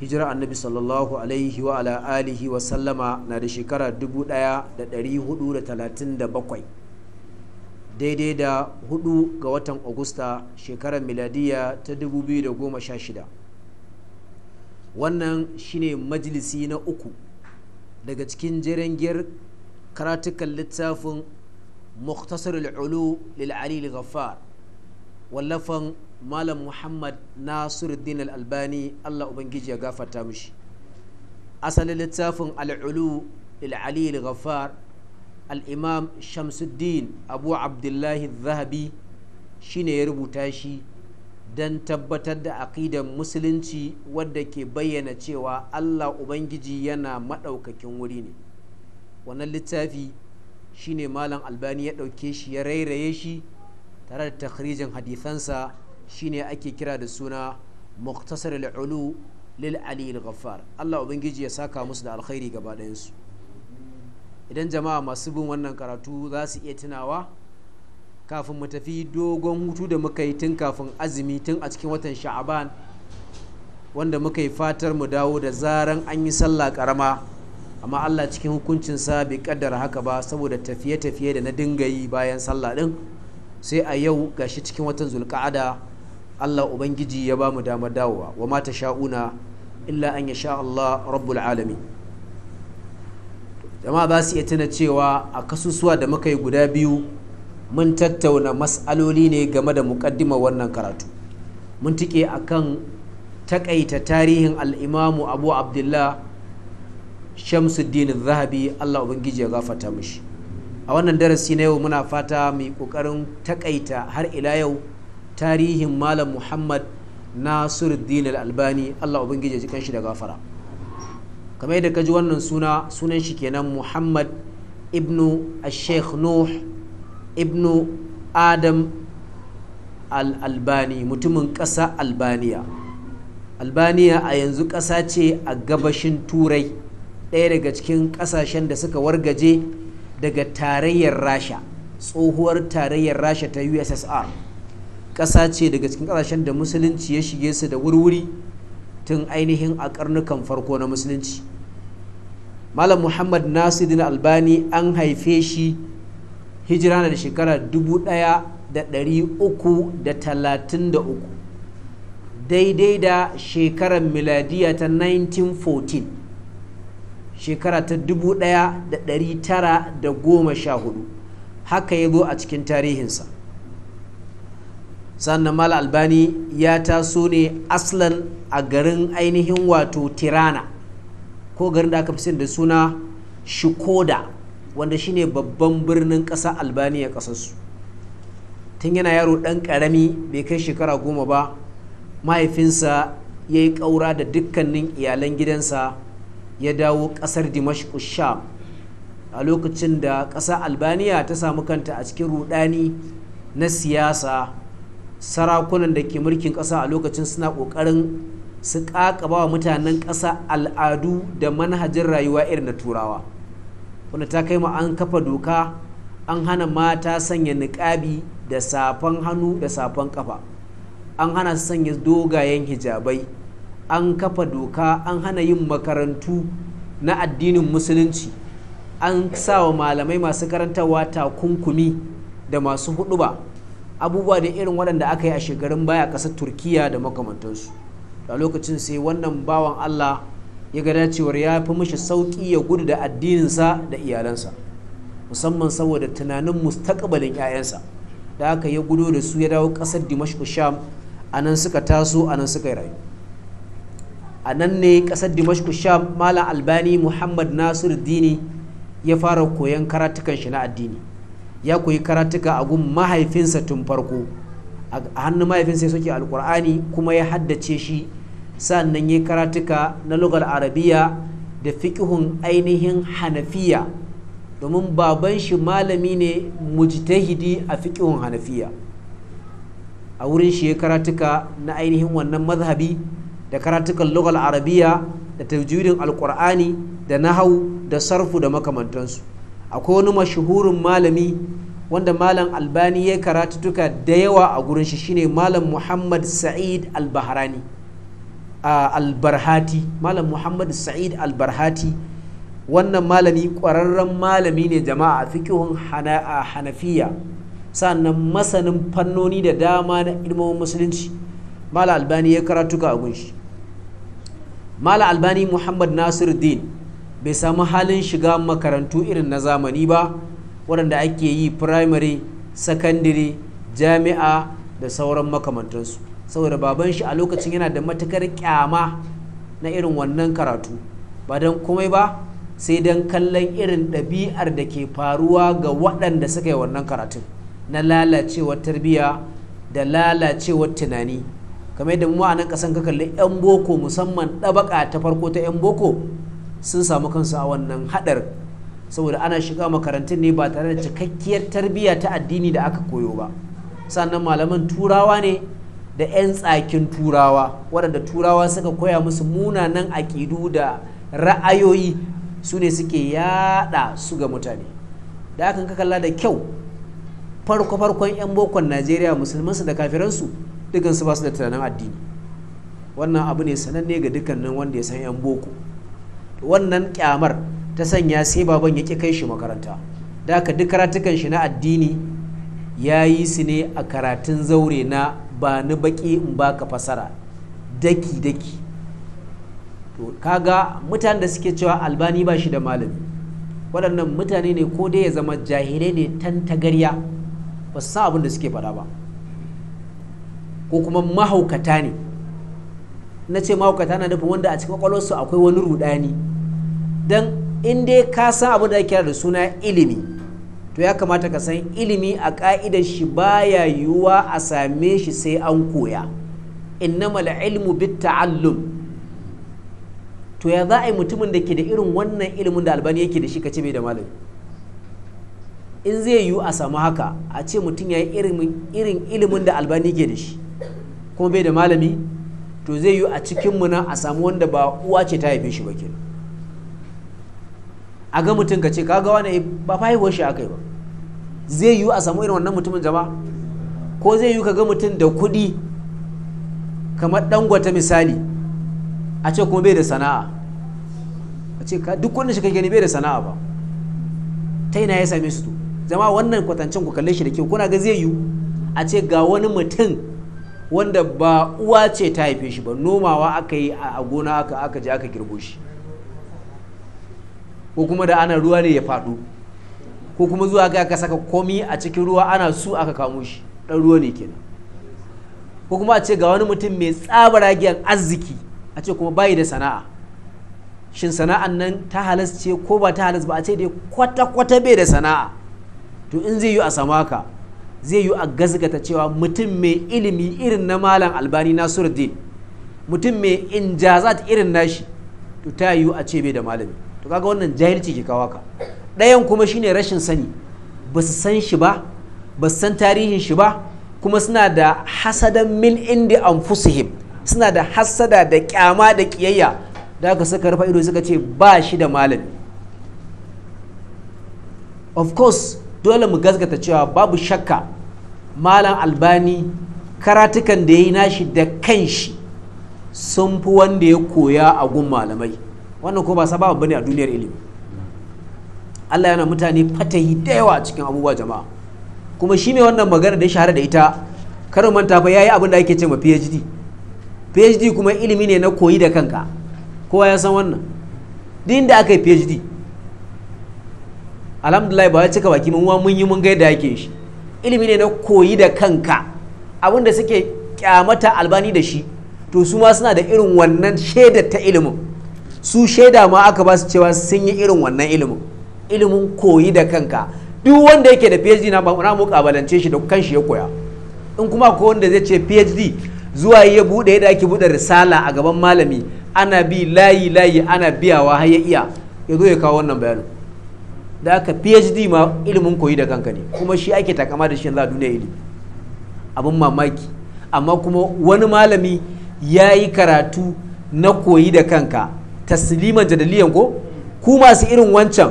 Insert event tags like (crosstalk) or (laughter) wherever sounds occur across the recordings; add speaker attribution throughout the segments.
Speaker 1: hijira annabi sallallahu alaihi wa ala alihi wa sallama na da shekara 1437 daidai da hudu ga watan agusta shekarar miladiya ta 2016 wannan shine majalisi na uku daga cikin jirangiyar karatukan littafin muktasar al'ulu lil'ali ghaffar wallafan malam muhammad nasiruddin al-albani allah ubangiji ya gafarta mushi asalin littafin al'ulu lil'ali al alimam al-imam shamsuddin abu abdullahi zahabi shine ya rubuta shi don tabbatar da aƙidan musulunci wadda ke bayyana cewa allah ubangiji yana maɗaukakin wuri ne wannan littafi shine malam albani ya ɗauke shi ya rairaye shi tare da takhrijin hadisansa shine ake kira da suna muktasar al'ulu lil ali al-ghaffar Allah ubangiji ya saka musu da alkhairi gaba su idan jama'a masu bin wannan karatu za su iya tunawa kafin mu tafi dogon hutu da muka yi tun kafin azumi tun a cikin watan sha'aban wanda muka yi fatar mu dawo da zaran an yi sallah karama amma Allah cikin sa bai kaddara haka ba saboda tafiye-tafiye da na dinga yi bayan sallah din sai a yau gashi cikin watan zulka'ada Allah ubangiji ya ba mu damar dawowa wa mata sha'una illa an yasha Allah rabbul alami jama'a ba su iya tuna cewa a kasusuwa da muka yi guda biyu mun tattauna mas'aloli ne game da mukaddima wannan karatu mun tike a kan taƙaita tarihin al'imamu abu abdullah shamsuddin zahabi allah ubangiji ya gafata mishi a wannan darasi na yau muna fata mai ƙoƙarin takaita har ila yau tarihin malam muhammad nasiruddin al-albani allah ubangiji ya ji kanshi da gafara kamar yadda ka ji wannan suna sunan shi kenan muhammad ibnu sheikh nuh ibnu adam al-albani mutumin ƙasa albaniya albaniya a yanzu ƙasa ce a gabashin turai ɗaya daga cikin ƙasashen da suka wargaje daga tarayyar rasha tsohuwar tarayyar rasha ta ussr ƙasa ce daga cikin ƙasashen da musulunci ya shige su da wurwuri tun ainihin a karnukan farko na musulunci malam muhammad nasiruddin albani an haife shi hijira na da shekara 1333 daidai da shekarar miladiya ta 1914 shekara ta 1914 haka ya zo a cikin tarihinsa sannan mal albani ya taso ne aslan a garin ainihin wato tirana ko garin da aka fi da suna shikoda wanda shine babban birnin ƙasa albaniya ƙasarsu tun yana yaro ɗan ƙarami bai kai shekara goma ba mahaifinsa ya yi ƙaura da dukkanin iyalan gidansa ya dawo ƙasar dimashku sham a lokacin da ƙasa albaniya ta samu kanta a cikin rudani na siyasa sarakunan da ke mulkin ƙasa a lokacin suna ƙoƙarin su ƙaƙaba wa mutanen ƙasa al'adu da manhajin rayuwa irin na turawa wanda ta kai ma an kafa doka an hana mata sanya niƙabi da safan hannu da safan kafa an hana su sanya dogayen hijabai an kafa doka an hana yin makarantu na addinin musulunci an sa wa malamai masu karantarwa takunkumi da masu huɗuba. abubuwa da irin waɗanda aka yi a shekarun baya ƙasar turkiya da makamantansu a lokacin sai wannan bawan allah ya ga dacewar ya fi mishi sauƙi ya gudu da addininsa da iyalansa musamman saboda tunanin mustaƙabalin 'ya'yansa da aka ya gudu da su ya dawo ƙasar dimashku sham a nan suka taso a nan suka rayu a nan ne ƙasar dimashku sham malam albani muhammad nasiru dini ya fara koyon karatukan shi na addini ya koyi karatuka a gun mahaifinsa tun farko a hannun mahaifinsa ya soke alkur'ani kuma ya haddace shi sannan ya karatuka na lugar arabiya da fiƙihun ainihin hanafiya domin baban shi malami ne mujtahidi a fiƙihun hanafiya a wurin shi ya karatuka na ainihin wannan mazhabi da karatukan lugar arabiya da tajwidin alkur'ani da nahau da sarfu da makamantansu akwai wani mashahurin malami wanda malam albani ya duka da yawa a gurin shi shine malam muhammad sa'id albaharani albarhati malam muhammad sa'id albarhati wannan malami ƙwararren malami ne jama'a a fikihun hanafiya sannan masanin fannoni da dama na ilmomin musulunci malam albani ya ka a shi malam albani muhammad nasiruddin bai samu halin shiga makarantu irin na zamani ba waɗanda ake yi primary secondary jami'a da sauran makamantansu saboda baban shi a lokacin yana da matukar kyama na irin wannan karatu ba don komai ba sai don kallon irin ɗabi'ar da ke faruwa ga waɗanda suka yi wannan karatun na lalacewar tarbiyya da lalacewar tunani kamar yadda mu a nan ƙasan ka kalli 'yan boko musamman ɗabaka ta farko ta 'yan boko sun samu kansu a wannan hadar saboda ana shiga makarantun ne ba tare da cikakkiyar tarbiyya ta addini da aka koyo ba sannan malaman turawa ne da 'yan tsakin turawa waɗanda turawa suka koya musu munanan aƙidu da ra'ayoyi su ne suke yada su ga mutane da aka ka kalla da kyau farko-farkon 'yan bokon najeriya musulmansu da kafiransu dukansu ba su da tunanin addini wannan abu ne sananne ga dukkanin wanda ya san 'yan boko wannan kyamar ta sanya sai baban ya ƙi kai shi makaranta da ka duk karatukan shi na addini ya yi su ne a karatun zaure na ba ni baƙi in ba ka fasara daki-daki to kaga mutanen da suke cewa albani ba shi da malami waɗannan mutane ne ko dai ya zama jahilai ne tan tantagarya ba su san abin da suke faɗa ba ko kuma mahaukata ne na ce mahaukata na nufin wanda a cikin kwakwalwarsu akwai wani rudani don in dai ka san abin da ake kira da suna ilimi to ya kamata ka san ilimi a ka'idar shi baya yiwuwa a same shi sai an koya innamal ilmu bit ta'allum to ya za a yi mutumin da ke da irin wannan ilimin da albani yake da shi ka ce bai da malami in zai yiwu a samu haka a ce mutum ya yi irin ilimin da albani ke da shi kuma bai da malami to zai yi a cikin mu nan a samu wanda ba uwa ce ta haife shi ba ke a ga mutum ka ce ka ga wani ba fa haihuwar shi aka yi ba zai yi a samu irin wannan mutumin zama ko zai yi ka ga mutum da kuɗi kamar dangwata misali a ce kuma bai da sana'a a ce duk wanda shi kake ne bai da sana'a ba ta ina ya same su to jama'a wannan kwatancin ku kalle shi da kyau kuna ga zai yi a ce ga wani mutum wanda ba uwa ce ta haife shi ba nomawa aka yi a gona aka aka je aka girbo shi ko kuma da ana ruwa ne ya faɗo ko kuma zuwa ga aka saka komi a cikin ruwa ana su aka kamo shi ɗan ruwa ne kenan ko kuma a ce ga wani mutum mai tsabara giyan arziki a ce kuma bayi da sana'a shin sana'an nan ta halas ce ko ba ta halas ba a ce dai kwata-kwata bai da sana'a to in zai yi a samaka zai yi a gazgata cewa mutum mai ilimi irin na malam albani nasiruddin mutum mai injazat irin nashi to ta yiwu a ce bai da malami to kaga wannan jahilci ke kawo ka ɗayan kuma shine rashin sani ba su san shi ba ba su san tarihin shi ba kuma suna da hasadan min indi fusihim suna da hasada da kyama da kiyayya da aka suka rufa ido suka ce ba shi da malami of course dole mu gasgata cewa babu shakka malam albani karatukan da ya yi nashi da kanshi sun fi wanda ya koya a gun malamai wannan ko ba sababa bane a duniyar ilimi Allah yana mutane fatahi da yawa a cikin abubuwa jama'a kuma shi ne wannan magana da ya shahara da ita karin manta fa yayi abin da ake cewa PhD PhD kuma ilimi ne na koyi da kanka kowa ya san wannan din da aka yi PhD alhamdulillah ba ya cika baki mun mun yi mun ga yadda yake shi ilimi ne na koyi da kanka abin da suke kyamata albani da shi to su ma suna da irin wannan shaida ta ilimin su shaida ma aka ba su cewa sun yi irin wannan ilimin ilimin koyi da kanka duk wanda yake da phd na ba mu kabalance shi da kanshi ya koya in kuma ko wanda zai ce phd zuwa ya bude yadda ake bude risala a gaban malami ana bi layi layi ana biyawa har ya iya ya zo ya kawo wannan bayanin da aka phd ma ilimin koyi da kanka ne kuma shi ake takama da shi yanzu a duniya ilimi abin mamaki amma kuma wani malami ya yi karatu na koyi da kanka tasliman jadaliyan ko ku masu irin wancan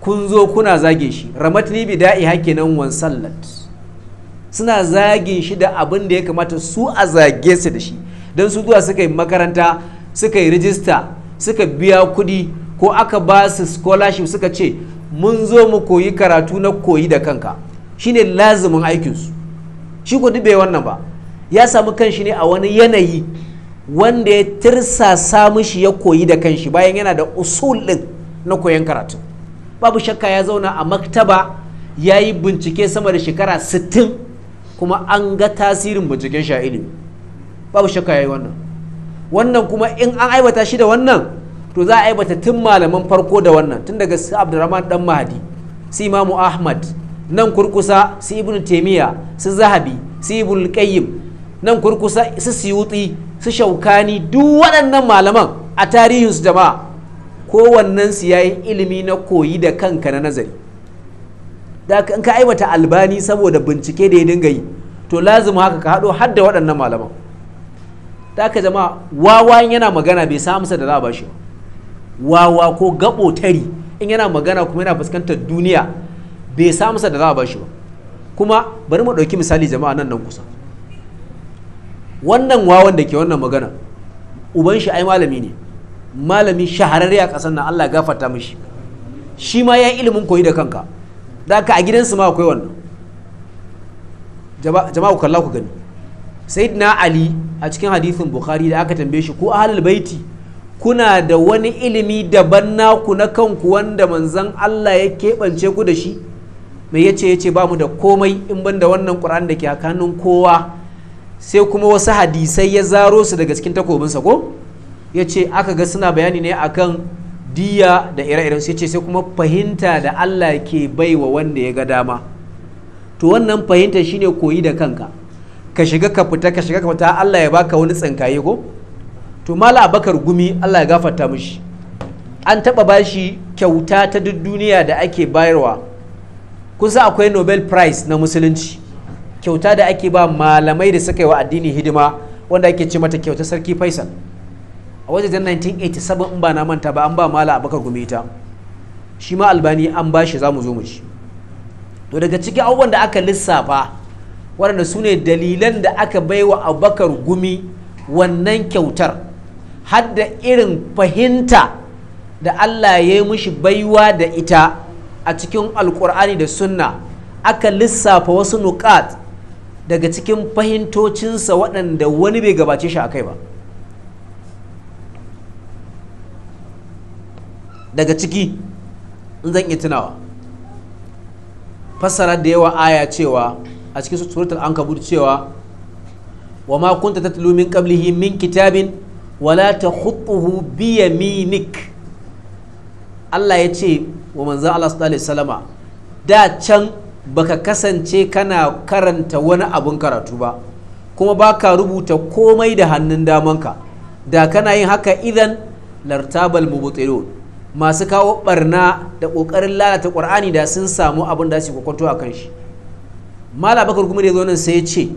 Speaker 1: kun zo kuna zage shi ramatni bi da'i hake nan wan sallat suna zagin shi da abin da ya kamata su a zage su da shi don su zuwa suka yi makaranta suka yi rijista suka biya kuɗi ko aka ba su scholarship suka ce mun zo mu koyi karatu na koyi da kanka shine lazimin aikinsu shi ku dube wannan ba ya samu kanshi ne a wani yanayi wanda ya tirsasa mishi ya koyi da kanshi bayan yana da usul na koyon karatu babu shakka ya zauna a maktaba ya yi bincike sama da shekara 60 kuma an ga tasirin binciken shi a ilimi babu shakka ya yi wannan wannan kuma in an aiwata shi da wannan to za a aibata tun malaman farko da wannan tun daga su abdurrahman dan mahadi su imamu ahmad nan kurkusa su ibnu taimiyya su zahabi su ibnu qayyim nan kurkusa su siyuti su shaukani duk waɗannan malaman a tarihin su jama'a kowannen su yayi ilimi na koyi da kanka na nazari da in ka aibata albani saboda bincike da ya dinga yi to lazima haka ka haɗo har da waɗannan malaman da haka jama'a wawan yana magana bai sa da za a ba shi ba wawa ko gabo tari in yana magana kuma yana fuskantar duniya bai samu sa da za a bashi ba kuma bari mu ɗauki misali jama'a nan nan kusa wannan wawan da ke wannan magana uban shi ai malami ne malami shahararre a ƙasar nan Allah gafarta mishi shi ma ya ilimin koyi da kanka da ka a gidansu ma akwai wannan jama'a ku kalla ku gani sayyidina ali a cikin hadithin bukhari da aka tambaye shi ko ahlul baiti kuna da wani ilimi daban naku na kanku wanda manzan Allah ya keɓance ku da shi mai ya yace ba mu da komai in ban da wannan ƙur'an da ke hannun kowa sai kuma wasu hadisai ya zaro su daga cikin takobinsa ko ya ce aka ga suna bayani ne akan diya da ire-iren su ce sai kuma fahimta da Allah ke baiwa wanda ya ga dama to wannan fahimta shine koyi da kanka ka shiga ka fita ka shiga ka fita Allah ya baka wani tsinkaye ko to mala abakar gumi allah ya gafarta mishi an taɓa bashi kyauta ta duk duniya da ake bayarwa kusa akwai nobel prize na musulunci kyauta da ake ba malamai da suka yi wa addini hidima wanda ake ce mata kyauta sarki faisal a wajen 1987 in ba na manta ba an ba mala abakar gumi ta shi ma albani an ba shi za mu zo mu shi to daga cikin abubuwan da aka lissafa waɗanda su ne dalilan da aka baiwa abakar gumi wannan kyautar Hadda irin fahimta da Allah ya yi mushi baiwa da ita a cikin alkur'ani da sunna aka lissafa wasu nukat daga cikin fahimtocinsa waɗanda wani bai gabace shi a kai ba daga ciki in zan iya tunawa fassara da yawa aya cewa a cikin suratul ankabut cewa wa ma kunta tatlu min qablihi min kitabin wala ta biya minik. Allah ya ce wa manzan Allah su alaihi wasallama da can baka kasance kana karanta wani abun karatu ba kuma baka rubuta komai da hannun damanka da kana yin haka idan lartabal mubtilun masu kawo barna da ƙoƙarin lalata qur'ani da sun samu abin da su kwakwato akan shi mala bakar kuma da zo nan sai ce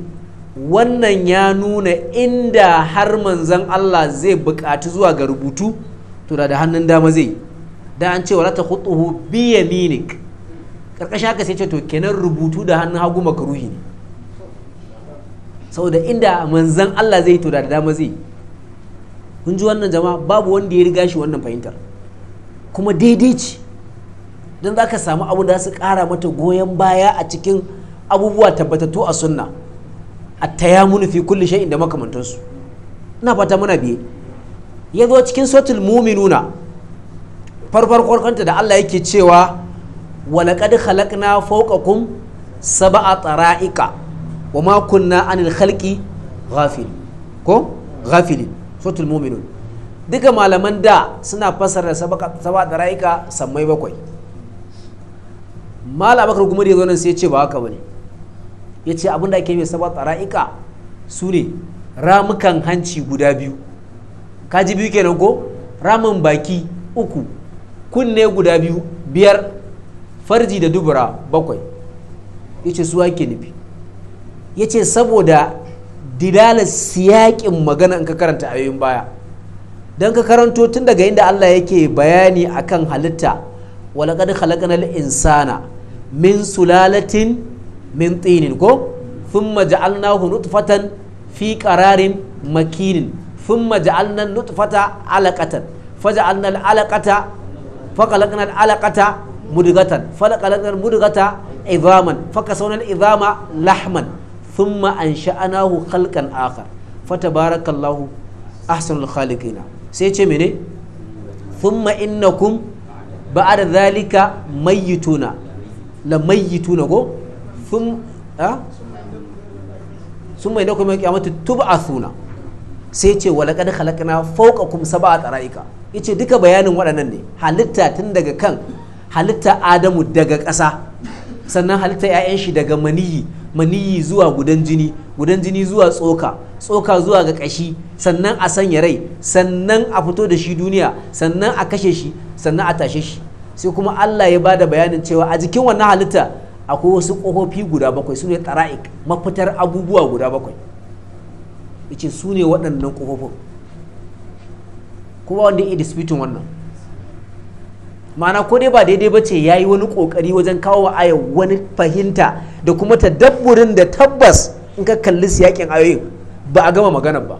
Speaker 1: wannan ya nuna inda har manzan Allah zai buƙaci zuwa ga rubutu to da hannun dama zai da an ce wala ta khutuhu bi yaminik karkashin haka sai ce to kenan rubutu da hannun hagu makaruhi ne saboda inda manzan Allah zai to da dama zai kun ji wannan jama'a babu wanda ya riga shi wannan fahimtar kuma daidai ce don za ka samu abu da su ƙara mata goyon baya a cikin abubuwa tabbatattu a sunna at-tayammunu fi kulli shay'in da makamantansu ina fata muna biye ya zo cikin sotul muminuna farfar kwarkwanta da Allah yake cewa walaƙad khalaqna fawqakum sab'a tara'iqa wa ma kunna anil khalqi ghafil ko ghafil sotul muminun duka malaman da suna fassara sab'a tara'iqa sammai bakwai mala abakar kuma da zo nan sai ya ce ba haka bane ya ce abin da ake mai saba tsara'ika su ne ramukan hanci guda biyu kaji biyu kenan ko ramin baki uku kunne guda biyu biyar farji da dubura bakwai ya ce su ake nufi ya ce saboda didala siyaƙin magana in ka karanta ayoyin baya don ka karanto tun daga inda Allah yake bayani akan halitta walaƙad halakanar insana min sulalatin min tsinin ko sun maja'al makinin sun maja'al na nutufata alaƙatan faja'al na alaƙata faƙalaƙan khalikina sai ce mene sun ma'innakun ba'ar zalika mayyituna la mayyituna ko sun sun mai dakwai mai kyamata tuba suna sai ce wa kada halakana fauka kuma saba a tsara'ika ce duka bayanin waɗannan ne halitta tun daga kan halitta adamu daga ƙasa sannan halitta 'ya'yan shi daga maniyi maniyi zuwa gudan jini gudan jini zuwa tsoka tsoka zuwa ga ƙashi sannan a sanya rai sannan a fito da shi duniya sannan a kashe shi sannan a tashe shi sai kuma allah ya bada bayanin cewa a jikin wannan halitta akwai wasu ƙofofi guda bakwai su ne tara'ik mafitar abubuwa guda bakwai yace su ne waɗannan ƙofofin kuma wanda ya disputin wannan ma'ana ko dai ba daidai ba ce ya yi wani ƙoƙari wajen kawo wa wani fahimta da kuma tadabburin da tabbas in ka kalli siyakin ayoyin ba a gama maganar ba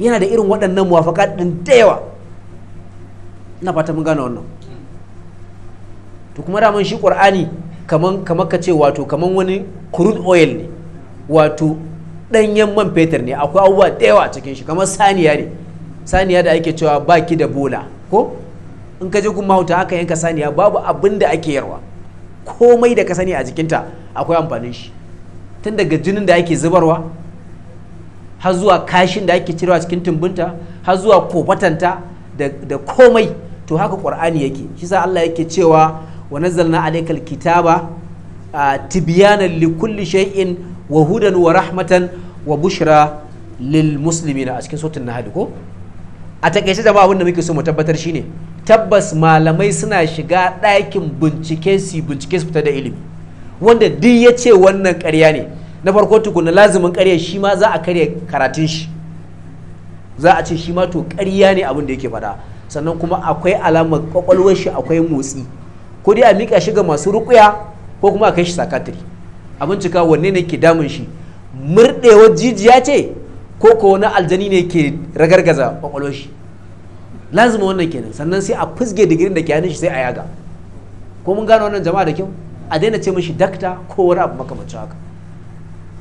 Speaker 1: yana da irin waɗannan muwafaka ɗin da yawa na fata mun gane wannan to kuma daman shi ƙur'ani kaman kamar ka ce wato kaman wani crude oil ne wato ɗanyen man fetur ne akwai abubuwa da a cikin shi kamar saniya ne saniya da ake cewa baki da bola ko in ka je kuma hauta haka yanka saniya babu abin da ake yarwa komai da ka sani a jikinta akwai amfanin shi tun daga jinin da ake zubarwa har zuwa kashin da ake cirewa cikin tumbunta har zuwa kofatanta da komai to haka ƙwar'ani yake shi sa Allah yake cewa wa nazzalna kitaba alkitaba tibyanan likulli shay'in wa hudan wa rahmatan wa bushra lil muslimina a cikin sautin nahadi ko a takaice jama'a abin da muke so mu tabbatar shine tabbas malamai suna shiga ɗakin bincike su bincike su fita da ilimi wanda duk ya ce wannan ƙarya ne na farko tukuna lazimin ƙarya shi ma za a karya karatun shi za a ce shi ma to ƙarya ne abin da yake faɗa sannan kuma akwai alamar kwakwalwar shi akwai motsi ko dai a miƙa shi ga masu ruƙuya ko kuma a kai shi sakatiri a bincika wanne ne ke damun shi murɗewar jijiya ce ko ko wani aljani ne ke ragargaza kwakwalwar shi lazima wannan kenan sannan sai a fusge digirin da ke hannun shi sai a yaga ko mun gano wannan jama'a da kyau a daina ce mishi dakta ko wani abu makamancin haka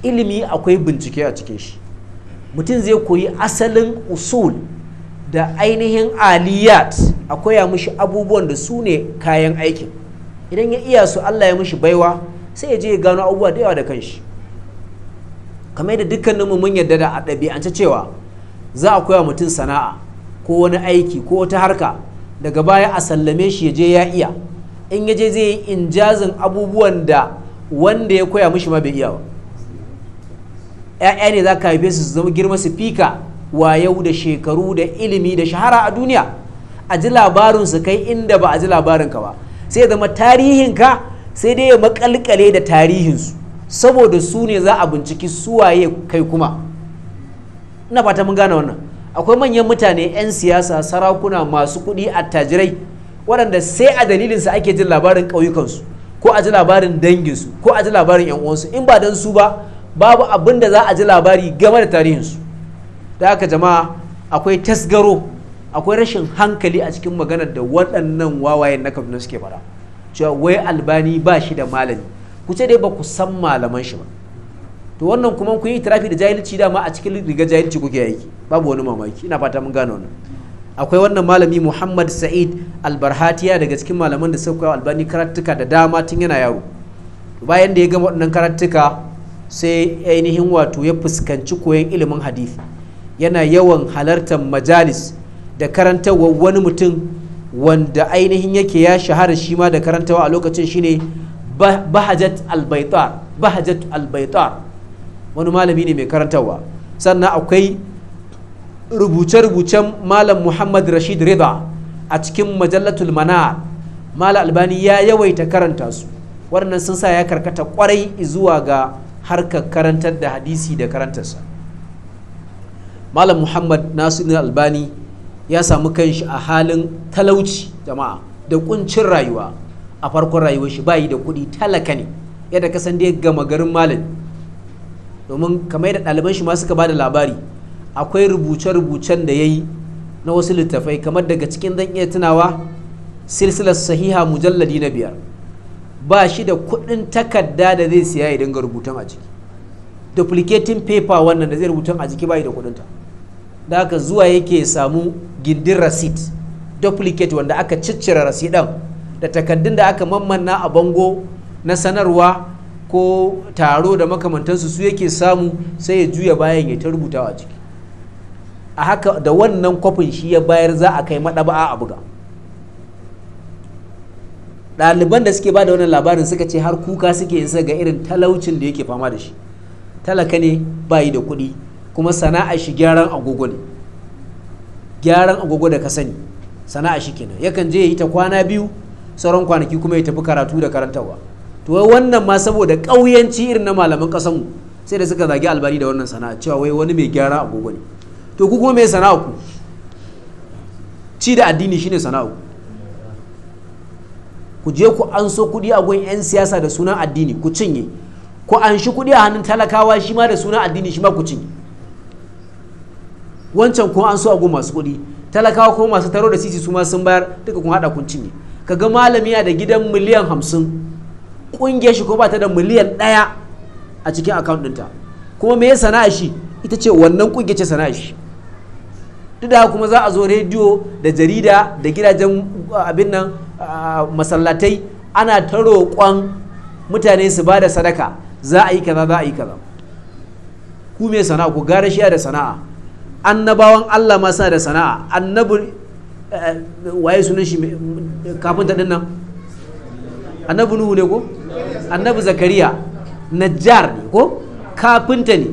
Speaker 1: ilimi akwai bincike a cikin shi mutum zai koyi asalin usul da ainihin aliyat a koya mushi abubuwan da su ne kayan aikin idan ya iya su Allah ya mushi baiwa sai ya je ya gano abubuwa da yawa da kanshi kamar yadda dukkaninmu mun yarda da a ɗabi'ance cewa za a koya mutum sana'a ko wani aiki ko wata harka daga baya a sallame shi ya je ya iya in ya je zai yi injazin abubuwan da wanda ya koya mushi ma bai iya ba 'ya'ya ne za ka haife su su zama girma su fika wayau da shekaru da ilimi da shahara a duniya a ji labarinsu kai inda ba a ji labarin ka ba sai zama ka sai dai ya makalkale da tarihinsu saboda su ne za a binciki su waye kai kuma ina fata mun gane wannan akwai manyan mutane 'yan siyasa sarakuna masu kuɗi attajirai waɗanda sai a dalilinsa ake jin labarin ƙauyukansu ko a ji labarin danginsu ko a ji labarin 'yan uwansu in ba don su ba babu abin da za a ji labari game da tarihinsu da aka jama'a akwai tasgaro akwai rashin hankali a cikin maganar da waɗannan wawayen na kaduna suke fara cewa wai albani ba shi da malami ku ce dai ba ku san malaman shi ba to wannan kuma kun yi tarafi da jahilci dama a cikin riga jahilci kuke aiki babu wani mamaki ina fata mun gano wannan akwai wannan malami muhammad sa'id albarhatiya daga cikin malaman da suka albani karatuka da dama tun yana yaro bayan da ya gama waɗannan karatuka sai ainihin wato ya fuskanci koyon ilimin hadisi yana yawan halartar majalis da karantarwa wani mutum wanda ainihin yake ya shahara shi ma da karantawa a lokacin shine bahajat albaitar bahajat albaitar wani malami ne mai karantarwa sannan akwai rubuce-rubucen malam muhammad rashid rida a cikin majalatul mana malam albani ya yawaita karanta su wannan sun sa ya karkata kwarai zuwa ga harkar karantar da hadisi da karantarsa malam muhammad nasiru albani ya samu kanshi a halin talauci jama'a da kuncin rayuwa a farkon rayuwar shi bayi da kudi talaka ne yadda kasan da ya gama garin malin domin kamar da ɗaliban shi ma suka ba da labari akwai rubuce-rubucen da ya yi na wasu littafai kamar daga cikin zan iya tunawa silsilar sahiha mujalladi na biyar ba shi da kuɗin takarda da zai siya ya dinga rubutun a ciki duplicating paper wannan da zai rubutun a jiki bayi da kuɗinta ta da haka zuwa yake samu gindin rasit duplicate wanda aka ciccira rasidan da takaddun da aka mammanna a bango na sanarwa ko taro da makamantansu su yake samu sai ya juya bayan ya ta rubutawa ciki a haka da wannan kwafin shi ya bayar za a kai maɗaba'a a buga ɗaliban da suke ba da wannan labarin suka ce har kuka suke yin ga irin talaucin da yake fama da shi talaka ne bayi da kuɗi kuma sana'a shi gyaran agogo ne gyaran agogo da ka sani sana'a shi kenan yakan je ya yi ta kwana biyu sauran kwanaki kuma ya tafi karatu da karantarwa to wai wannan ma saboda ƙauyanci irin na malaman ƙasanmu sai da suka zagi albani da wannan sana'a cewa wai wani mai gyara agogo ne to ku kuma mai sana'a ku ci da addini shine sana'a ku ku je ku an so kuɗi a gun 'yan siyasa da sunan addini ku cinye ku an shi kuɗi a hannun talakawa shi ma da sunan addini shi ma ku cinye wancan kuma an so a masu kuɗi talakawa ko masu taro da sisi su ma sun bayar duka kun haɗa kun cinye ga malami ya da gidan miliyan hamsin ƙungiyar shi ko ba ta da miliyan ɗaya a cikin akaunt ta kuma me sana'a shi ita ce wannan ƙungiyar ce sana'a shi duk da kuma za a zo rediyo da jarida da gidajen uh, abin nan uh, masallatai ana ta roƙon mutane su ba da sadaka za a yi kaza za a yi kaza ku me sana'a ku gara shi da sana'a annabawan Allah ma da sana'a annabin eh, waye sunan shi kafin ta dinnan annabi nuhu ne ko annabi zakariya najjar ne ko kafinta ne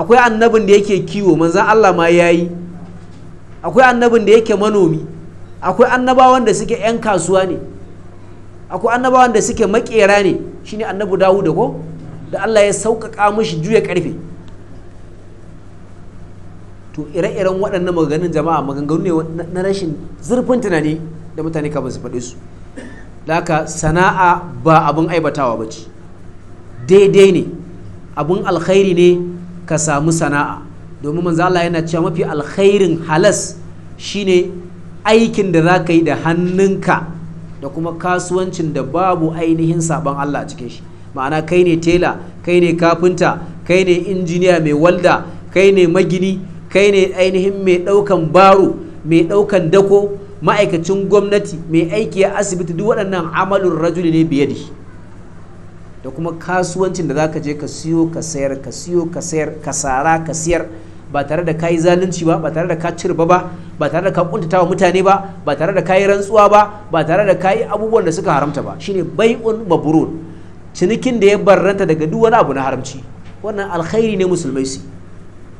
Speaker 1: akwai annabin da yake kiwo manzan Allah ma ya yi akwai annabin da yake manomi akwai annabawan da suke 'yan kasuwa ne akwai annabawan da suke makera ne shine annabi dawuda ko da Allah ya sauƙaƙa mishi juya ƙarfe to ire-iren waɗannan maganganun jama'a maganganu ne na rashin zurfin tunani da mutane kafin su faɗi su da haka sana'a ba abin aibatawa ba ce daidai ne abin alkhairi ne ka samu sana'a domin manza Allah yana cewa mafi alkhairin halas shine aikin da za ka yi da hannunka da kuma kasuwancin da babu ainihin saban Allah cikin shi ma'ana kai ne tela kai ne kafinta kai ne injiniya mai walda kai ne magini kai ne ainihin mai ɗaukan baro mai ɗaukan dako ma'aikacin gwamnati mai aiki a asibiti duk waɗannan amalin rajuli ne biye da kuma kasuwancin da za ka je ka siyo ka sayar ka siyo ka sayar ka sara ka siyar ba tare da kayi zalunci ba ba tare da ka cirba ba ba tare da ka wa mutane ba ba tare da kayi rantsuwa ba ba tare da kayi abubuwan da suka haramta ba shine bai'un mabrur cinikin da ya barranta daga duk wani abu na haramci wannan alkhairi ne musulmai su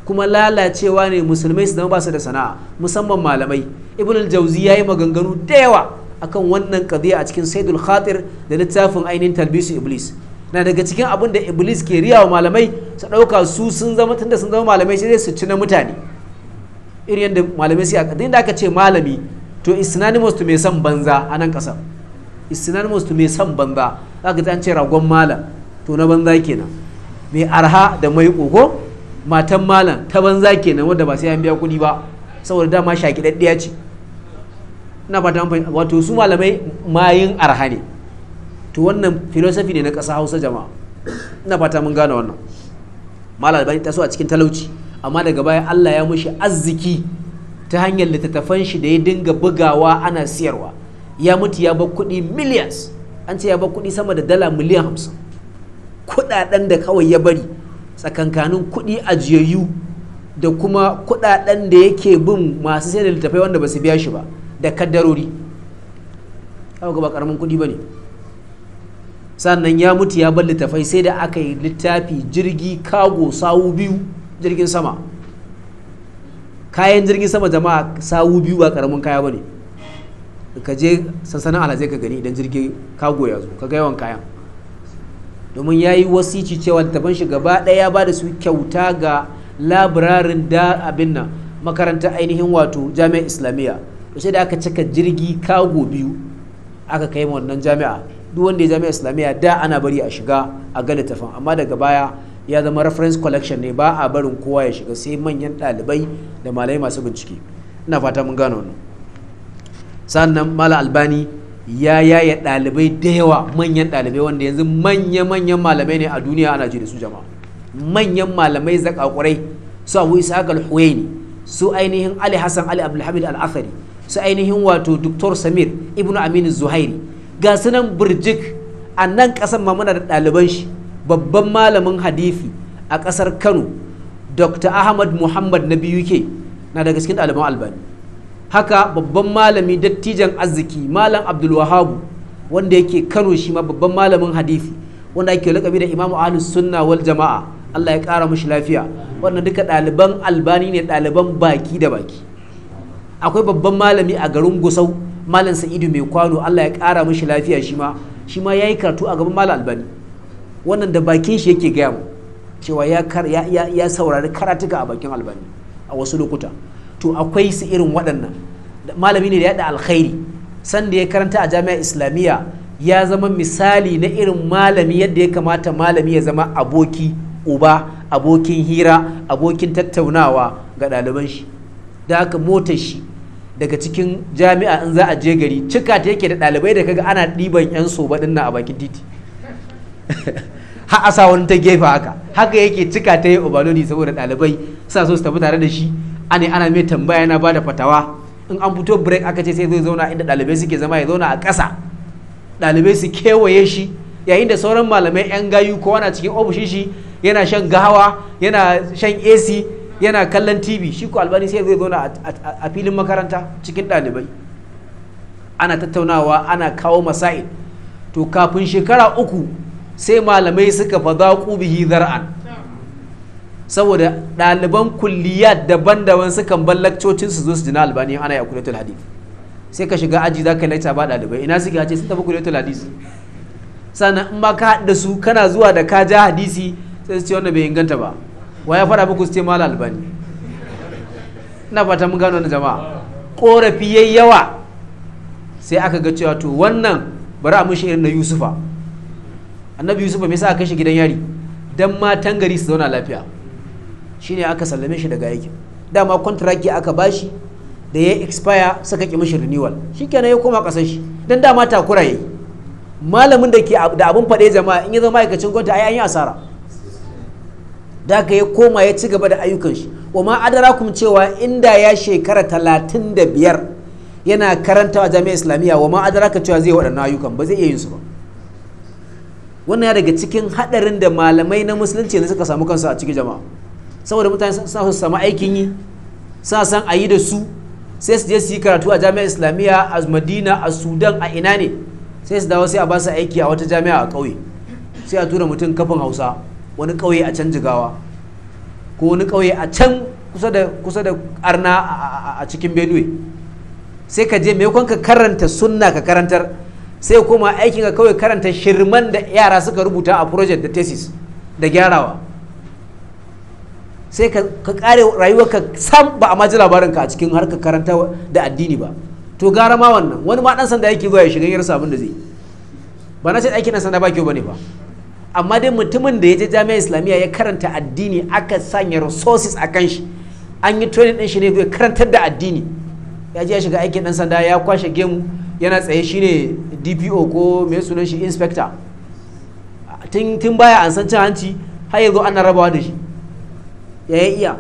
Speaker 1: kuma lalacewa ne musulmai su zama ba su da sana'a musamman malamai ibn al-jauzi yayi maganganu da yawa akan wannan qadiya a cikin saidul khatir da littafin ainihin talbisu iblis na daga cikin abin da iblis ke riya wa malamai su dauka su sun zama tunda sun zama malamai sai su ci na mutane irin yadda malamai sai aka da aka ce malami to is synonymous to mai san banza a nan kasar is synonymous to mai san banza zaka ji an ce ragon malam to na banza kenan mai arha da mai kogo matan malam ta banza kenan wanda ba sai an biya kuɗi ba saboda dama shakidaddiya ce ina fata an wato su malamai mayin arha ne to wannan filosofi ne na ƙasa Hausa jama'a ina fata mun gane wannan malam albani taso a cikin talauci amma daga baya Allah ya mushi arziki ta hanyar littattafan shi da ya dinga bugawa ana siyarwa ya mutu ya bar kuɗi millions an ce ya bar kuɗi sama da dala miliyan hamsin kuɗaɗen da kawai ya bari tsakankanin kuɗi ajiyayyu da kuma kuɗaɗen da yake bin masu sai da littafai wanda ba su biya shi ba da kaddarori haka ba karamin kuɗi ba ne sannan ya mutu ya bar littafai sai da aka yi littafi jirgi kago sawu biyu jirgin sama kayan jirgin sama jama'a sawu biyu ba karamin kaya ba ne ka je sansanin alhazai ka gani idan jirgin kago ya zo ka ga yawan kayan domin ya yi wasici cewa littafan shi gaba ɗaya ba da su kyauta ga labirarin da abin nan makaranta ainihin wato jami'a islamiyya to da aka cika jirgi kago biyu aka kai wannan jami'a duk wanda ya jami'ar islamiyya da ana bari a shiga a ga littafan amma daga baya ya zama reference collection ne ba a barin kowa ya shiga sai manyan ɗalibai da malai masu bincike ina fata mun gano wannan sannan mala albani ya yaya ɗalibai da yawa manyan ɗalibai wanda yanzu manya-manyan malamai ne a duniya ana ce da su jama'a manyan malamai zakakurai su abu isa al-huwaini su ainihin ali hassan ali abdulhamid al'afari su ainihin wato dr samir ibn aminu zuhairi ga sunan birjik a nan ƙasar ma da ɗaliban shi babban malamin hadifi a ƙasar kano dr ahmad muhammad na biyu ke na daga cikin ɗaliban albani haka babban malami dattijan arziki malam abdul wahabu wanda yake kano shi ma babban malamin hadisi wanda ake lakabi da imamu ahlus sunna wal jama'a Allah ya kara mashi lafiya wannan duka ɗaliban albani ne ɗaliban baki da baki akwai babban malami a garin gusau malam sa'idu mai kwano Allah ya kara mashi lafiya shi ma shi ma yayi karatu a gaban malam albani wannan da bakin shi yake gaya mu cewa ya saurari karatuka a bakin albani a wasu lokuta to akwai su irin waɗannan malami ne da yada alkhairi sanda ya karanta a jami'a islamiyya ya zama misali na irin malami yadda ya kamata malami ya zama aboki uba abokin hira abokin tattaunawa ga ɗaliban shi da haka motar shi daga cikin jami'a in za a je gari cika ta yake da ɗalibai da kaga ana ɗiban 'yan soba ɗin a bakin titi (laughs) ha a sa wani ta gefe haka haka yake cika ta yi obaloni saboda ɗalibai sa so su tafi tare da shi ani ana mai tambaya yana bada fatawa in an fito break aka ce sai zai zauna inda ɗalibai suke zama ya zauna a kasa ɗalibai su kewaye shi yayin da sauran malamai yan gayu kowa na cikin ofishin shi yana shan gahawa yana shan ac yana kallon tv shi ko albani sai zai zauna a filin makaranta cikin ɗalibai ana tattaunawa ana kawo masa'il to kafin shekara uku sai malamai suka fada bihi zar'an saboda ɗaliban kulliyat daban-daban sukan bar lakcocin su zo su jina albani ana ya kulatul hadith sai ka shiga aji za ka laita ba ɗalibai ina suke ce sun tafi kulatul hadith sannan in ba ka haɗa su kana zuwa da ka ja hadisi sai su ce wannan bai inganta ba wa ya faɗa muku su ce mala albani ina fata mun gano wannan jama'a korafi yayi yawa sai aka ga cewa to wannan bari a mushi irin na yusufa annabi yusufa me yasa aka shi gidan yari dan matan gari su zauna lafiya shine aka sallame shi daga aikin dama contract aka bashi da ya expire suka ki mishi renewal shikenan ya koma kasar shi dan dama takura yayi malamin da ke da abin faɗe jama'a in ya zama ma'aikacin gwamnati ai an yi asara da ka ya koma ya ci gaba da ayyukan shi wa ma adarakum cewa inda ya shekara talatin da biyar yana karanta a jami'ar islamiyya wa ma adaraka cewa zai waɗannan ayyukan ba zai iya yin su ba wannan ya daga cikin haɗarin da malamai na musulunci ne suka samu kansu a cikin jama'a saboda mutane sa su samu aikin yi sa san ayi da su sai su je su yi karatu a jami'ar islamiyya a madina a sudan a ina ne sai su dawo sai a ba su aiki a wata jami'a a ƙauye sai a tura mutum kafin hausa wani ƙauye a can jigawa ko wani ƙauye a can kusa da arna a cikin benue sai ka je maimakon ka karanta sunna ka karantar sai kuma aikin ka kawai karanta shirman da yara suka rubuta a project da thesis da gyarawa sai ka kare ka sam ba a maji ka a cikin harkar karanta da addini ba to gara ma wannan wani ma dan sanda yake zuwa ya shiga yarsa abin da zai ba na ce aikin dan sanda ba kyau bane ba amma dai mutumin da ya je jami'a islamiyya ya karanta addini aka sanya resources a kan shi an yi training din shi ne zai karantar da addini ya je ya shiga aikin dan sanda ya kwashe gemu yana tsaye shine DPO ko mai sunan shi inspector tun baya an san cin hanci har yanzu ana rabawa da shi ya iya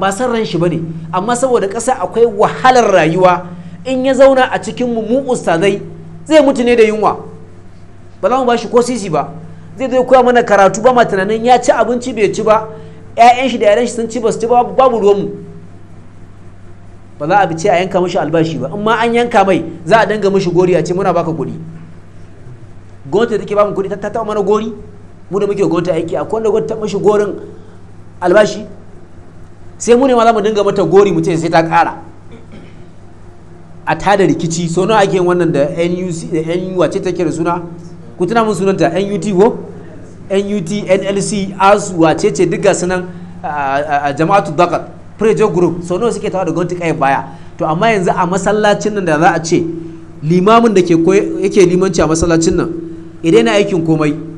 Speaker 1: ba san ran shi ba ne amma saboda kasa akwai wahalar rayuwa in ya zauna a cikin mu ustazai zai mutu ne da yunwa ba za mu ba shi ko sisi ba zai zai koya mana karatu ba ma tunanin ya ci abinci bai ci ba 'ya'yan shi da yaran shi sun ci ba su ci ba babu ruwanmu ba za a bi ce a yanka mashi albashi ba in ma an yanka mai za a danga mashi gori a ce muna baka kuɗi gwamnati da take ba mu kuɗi ta taɓa mana gori mu da muke gwamnati aiki a kwanda gwamnati mashi gorin albashi sai mu ne ma za mu dinga mata gori mu ce sai ta kara a ta da rikici so nawa ake wannan da NUC da NU wace take da suna ku mun sunanta NUT ko NUT NLC ASU wace ce duk ga sunan a jama'atu dakar prejo group so nawa suke tawa da gwamnati kai baya to amma yanzu a masallacin nan da za a ce limamin da ke yake limanci a masallacin nan idan na aikin komai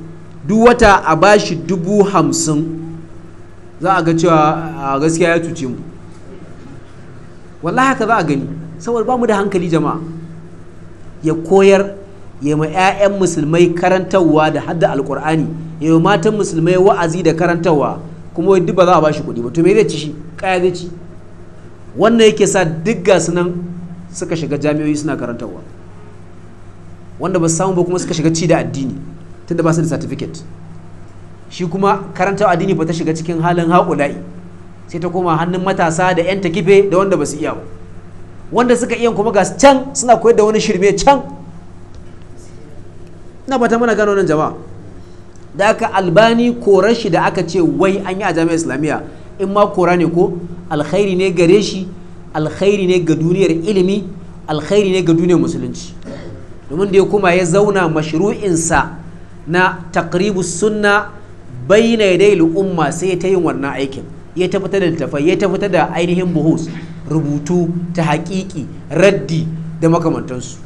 Speaker 1: duk wata a bashi dubu hamsin za a ga cewa a gaskiya ya cuce mu wallahi haka za a gani saboda ba mu da hankali jama'a ya koyar ya ma 'ya'yan musulmai karantarwa da hadda alkur'ani ya yi matan musulmai wa'azi da karantarwa kuma duk ba za a bashi kuɗi ba to me zai ci shi kaya zai ci wannan yake sa duk ga nan suka shiga jami'o'i suna karantarwa wanda ba samu ba kuma suka shiga ci da addini tunda ba su da certificate shi kuma karanta addini ba ta shiga cikin halin haƙula'i sai ta koma hannun matasa da 'yan takife da wanda ba su iya ba wanda suka iya kuma ga can suna koyar da wani shirme can na fata mana gano nan jama'a da aka albani koran shi da aka ce wai an yi a jami'ar islamiyya in ma kora ne ko alkhairi ne gare shi alkhairi ne ga duniyar ilimi alkhairi ne ga duniyar musulunci domin da ya kuma ya zauna mashru'insa na takribu sunna bayna dai umma sai ta yin wannan aikin ya ta fita da littafai ya ta fita da ainihin buhus rubutu ta haƙiƙi raddi da makamantansu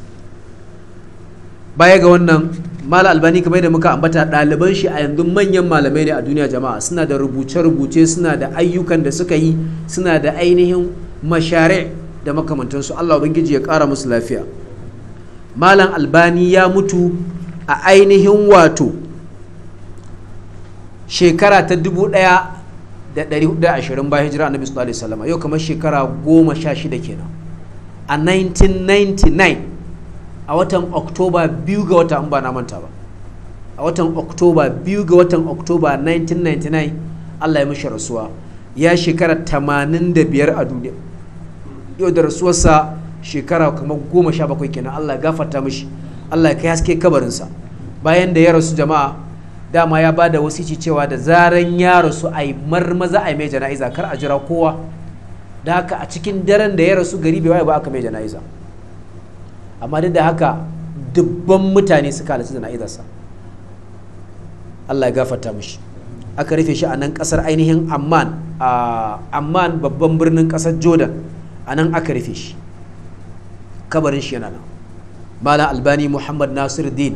Speaker 1: baya ga wannan mala albani kamar da muka ambata ɗaliban shi a yanzu manyan malamai ne a duniya jama'a suna da rubuce-rubuce suna da ayyukan da suka yi suna da ainihin mashare da makamantansu allah ubangiji ya kara musu lafiya malam albani ya mutu a ainihin wato shekara ta 1420 bayan hijira annabi sallallahu alaihi wasallam yau kamar shekara 16 kenan a 1999 a watan oktoba biyu ga wata an ba na manta ba a watan oktoba biyu ga watan oktoba 1999 allah ya mishi rasuwa ya shekara 85 a duniya yau da rasuwarsa shekara kamar 17 kenan allah ya gafarta mishi Allah ya kai haske kabarinsa bayan da ya rasu jama'a dama ya ba da wasici cewa da zaran ya rasu a yi marmaza a yi mai jana'iza kar a jira kowa da haka a cikin daren da ya rasu gari bai ba aka mai jana'iza amma duk da haka dubban mutane suka halarci jana'izarsa Allah ya gafarta mishi aka rufe shi a nan kasar ainihin Amman a Amman babban birnin kasar Jordan a nan aka rufe shi kabarin shi yana nan mala albani muhammad nasiruddin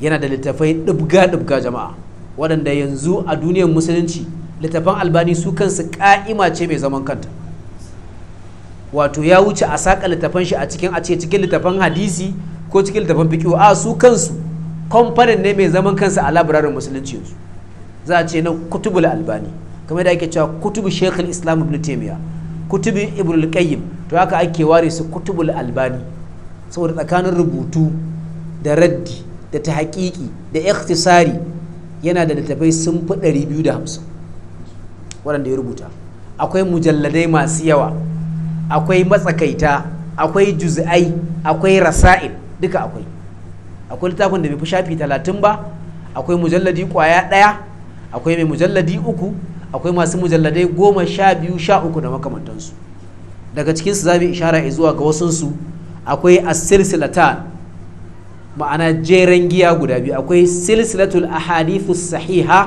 Speaker 1: yana da littafai dubga dubga jama'a waɗanda yanzu a duniyar musulunci littafan albani su kansu ka'ima ce mai zaman kanta wato ya wuce a saƙa littafan shi a cikin a ce cikin littafan hadisi ko cikin littafan fikiyo a su kansu kamfanin ne mai zaman kansa a labirarin musulunci yanzu za a ce na kutubul albani kamar da ake cewa kutubu shekul islam ibn taimiya kutubu ibn al-qayyim to haka ake ware su kutubul albani saboda tsakanin rubutu da raddi da ta haƙiƙi da ikhtisari yana da littafai sun fi 250 waɗanda ya rubuta akwai mujalladai masu yawa akwai matsakaita akwai juz'ai akwai rasa'il duka akwai akwai littafin da bai fi shafi talatin ba akwai mujalladi kwaya ɗaya akwai mai mujalladi uku akwai masu mujalladai goma sha biyu sha uku da makamantansu daga cikinsu za mu ishara zuwa ga wasunsu akwai a silsilata ma'ana jeren giya guda biyu akwai silsilatul ahadithu sahiha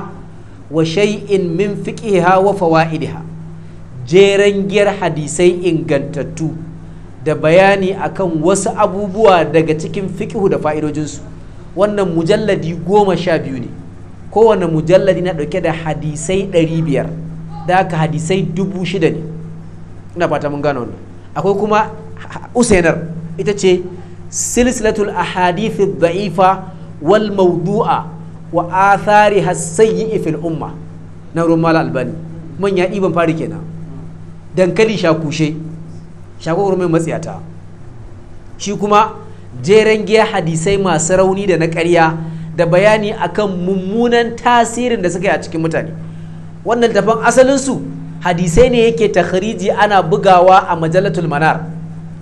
Speaker 1: wa shay'in min fiqhiha wa fawaidiha jeren giyar hadisai ingantattu da bayani akan wasu abubuwa daga cikin fiqhu da fa'idojinsu wannan mujalladi goma sha biyu ne kowane mujalladi na ɗauke da hadisai ɗari biyar da aka hadisai dubu shida ne ina fata mun gano wannan akwai kuma usainar ita ce silsilatul ahadithi da'ifa wal mawdu'a wa athari hasayyi fil umma na rumal albani manya iban fari kenan dankali shakushe shakokar mai matsiyata shi kuma jeren giya hadisai masu rauni da na ƙarya da bayani akan mummunan tasirin da suka yi a cikin mutane wannan tafan asalinsu hadisai ne yake takhariji ana bugawa a majalatul manar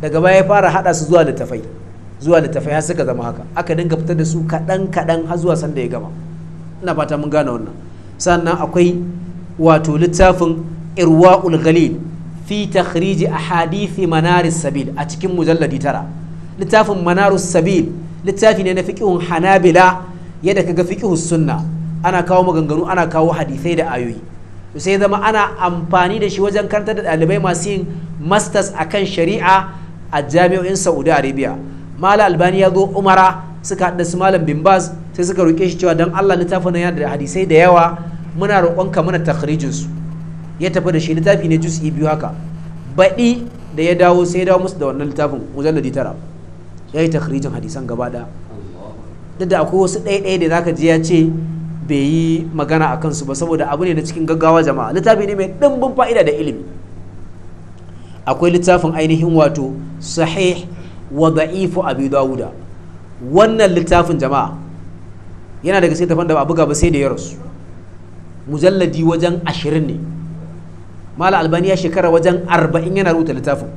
Speaker 1: daga baya ya fara hada su zuwa littafai zuwa littafai har suka zama haka aka dinga fitar da su kaɗan kaɗan har zuwa sanda ya gama ina fata mun gane wannan sannan akwai wato littafin irwa'ul ghalil fi takhriji ahadithi manaris sabil a cikin mujalladi tara littafin manarus sabil littafi ne na fiqhun hanabila yadda kaga fikihu sunna ana kawo maganganu ana kawo hadisai da ayoyi sai zama ana amfani da shi wajen karantar da ɗalibai masu yin masters akan shari'a a jami'o'in saudi arabia mala albani ya zo umara suka haɗa su malam bin baz sai suka roƙe shi cewa don allah littafin nan yana da hadisai da yawa muna roƙonka mana takhrijin su ya tafi da shi littafi ne juz'i biyu haka baɗi da ya dawo sai ya dawo musu da wannan littafin mujalladi tara ya yi takhrijin hadisan gaba ɗaya duk da akwai wasu ɗaya-ɗaya da zaka je ya ce bai yi magana a kansu ba saboda abu ne na cikin gaggawa jama'a littafi ne mai ɗimbin fa'ida da ilimi akwai littafin ainihin wato sahih wa da'ifu abi dawuda wannan littafin jama'a yana daga sai tafan da ba buga ba sai da ya mujalladi wajen ashirin ne mala albani ya shekara wajen arba'in yana rubuta littafin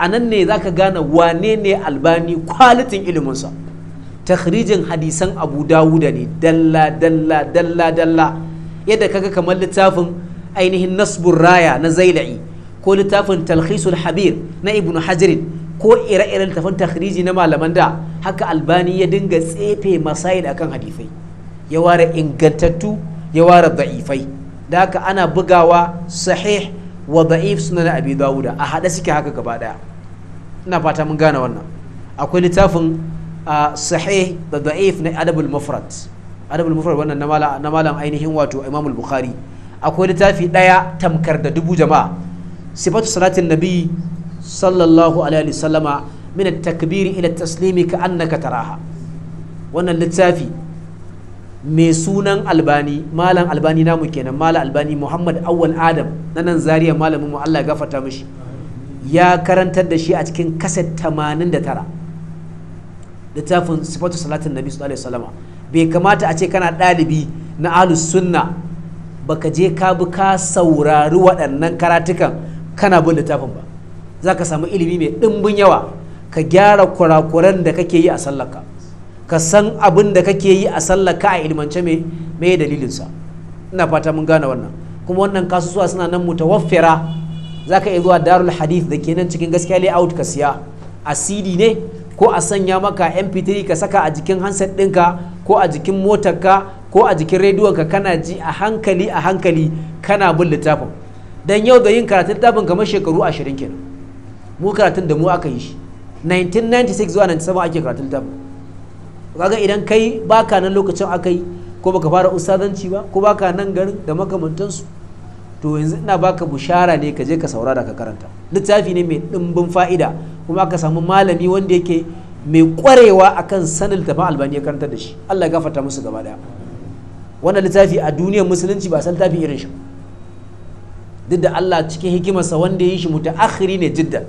Speaker 1: a nan ne za ka gane wane ne albani kwalitin iliminsa takhrijin hadisan abu dawuda ne dalla dalla dalla dalla yadda kaga kamar littafin ainihin nasbur raya na zaila'i ko littafin talhisul habir na ibnu hajirin ko ire-iren littafin takhriji na malaman da haka albani ya dinga tsefe masail akan hadifai ya ware ingantattu ya ware da'ifai da haka ana bugawa sahih wa da'if suna na abi dawuda a haɗe suke haka gaba ɗaya ina fata mun gane wannan akwai littafin sahih da da'if na adabul mufrad adabul mufrad wannan na malam ainihin wato imamul bukhari akwai littafi ɗaya tamkar da dubu jama'a sifatu salatin nabi sallallahu alaihi wasallama min at-takbir ila taslimi ka annaka taraha wannan littafi mai sunan albani malam albani namu kenan malam albani muhammad awwal adam na zariya zaria malamin mu Allah ya gafarta ya karantar da shi a cikin kaset 89 littafin sifatu salatin nabi sallallahu alaihi bai kamata a ce kana ɗalibi na ahlus sunna baka je ka bi ka saurari waɗannan karatukan kana bin littafin ba za ka samu ilimi mai ɗimbin yawa ka gyara kurakuran da kake yi a sallaka ka san abin da kake yi a sallaka a ilmance mai mai dalilinsa ina fata mun gane wannan kuma wannan kasusuwa suna nan mu tawaffera za ka iya zuwa darul hadith da kenan cikin gaskiya layout ka siya a cd ne ko a sanya maka mp3 ka saka a jikin handset ɗinka ko a jikin motarka ko a jikin rediyon ka kana ji a hankali a hankali kana bin littafin dan yau da yin karatun littafin kamar shekaru ashirin kenan mu karatun da mu aka yi shi 1996 zuwa 97 ake karatun littafin kaga idan kai baka nan lokacin aka yi ko baka fara ustazanci ba ko baka nan garin da makamantansu to yanzu ina baka bushara ne ka je ka da ka karanta littafi ne mai dimbin fa'ida kuma aka samu malami wanda yake mai kwarewa akan sanin littafin albani ya karanta da shi Allah ya gafarta musu gaba daya wannan littafi a duniyar musulunci ba san littafi irin shi duk da Allah cikin hikimarsa wanda ya yi shi mutaakhiri ne jidda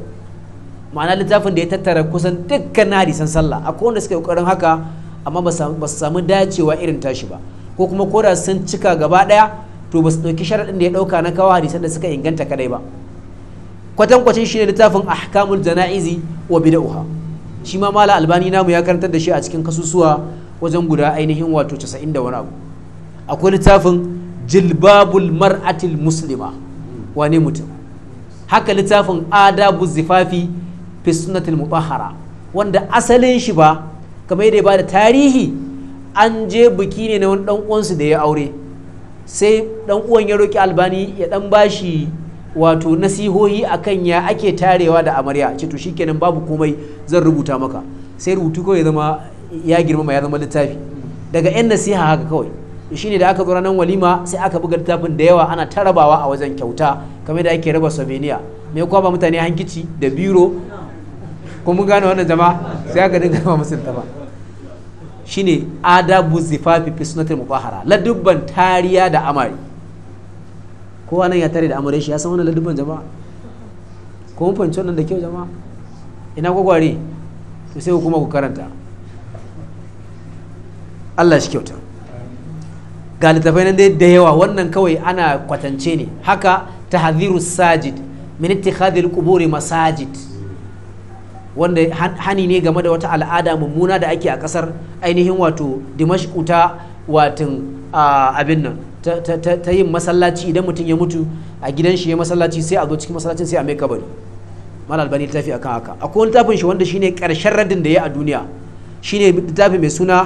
Speaker 1: ma'ana littafin da ya tattara kusan dukkan hadisan sallah akwai wanda suka yi ƙoƙarin haka amma ba su samu dacewa irin tashi ba ko kuma koda sun cika gaba ɗaya to ba su ɗauki sharaɗin da ya ɗauka na kawo hadisan da suka inganta kadai ba kwatan kwatankwacin shi ne littafin ahkamul jana'izi wa uha shi ma mala albani namu ya karantar da shi a cikin kasusuwa wajen guda ainihin wato 90 da wani abu akwai littafin jilbabul mar'atil muslima wane mutum haka littafin adabu zifafi fi sunnatul mubahara wanda asalin shi ba kamar yadda ba da tarihi an je biki ne na wani dan uwansu da ya aure sai dan ya roki albani ya dan bashi wato nasihohi akan ya ake tarewa da amarya ce to shikenan babu komai zan rubuta maka sai rubutu kawai ya zama ya girmama ya zama littafi daga yan nasiha haka kawai shine da aka zo ranar walima sai aka buga littafin da yawa ana tarabawa a wajen kyauta kamar da ake raba souvenir me kuma ba mutane hankici da biro kuma mun gane wannan jama'a sai aka dinga ba musu littafa shine adabu zifafi fi sunnatul mutahhara ladubban tariya da amari kowa nan ya tare da amare shi ya san wannan ladubban jama'a ko mun fanci wannan da kyau jama'a ina gwagware to sai kuma ku karanta Allah shi kyauta ga littafai nan da yawa wannan kawai ana kwatance ne haka ta hadiru sajid miniti ittikhadil kuburi masajid wanda hani ne game da wata al'ada mummuna da ake a kasar ainihin wato dimashku ta watin abin nan ta yin masallaci idan mutum ya mutu a gidan shi ya masallaci sai a zo cikin masallacin sai a mai kabari mal albani littafi akan haka akwai littafin shi wanda shine karshen radin da ya a duniya shine littafi mai suna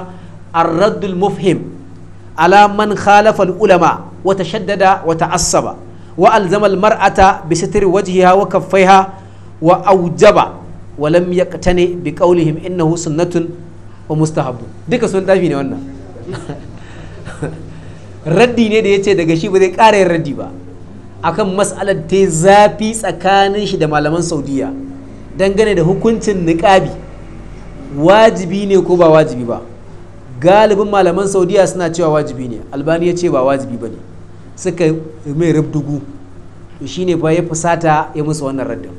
Speaker 1: ar-raddul mufhim alaman man ulama wata shaddada wa ta'assaba wa alzama almar'ata bi sitri wajhiha wa kaffaiha wa aujaba wa lam yaqtani bi qawlihim innahu sunnatun wa mustahabbu duka sun dafi ne wannan raddi ne da yace daga shi ba zai ƙara yin raddi ba akan mas'alar ta zafi tsakanin shi da malaman saudiya dangane da hukuncin niƙabi wajibi ne ko ba wajibi ba galibin malaman saudiya suna cewa wajibi ne albani ya ce ba wajibi ba ne suka mai rubdugu shi ne ba ya fusata ya musu wannan raddin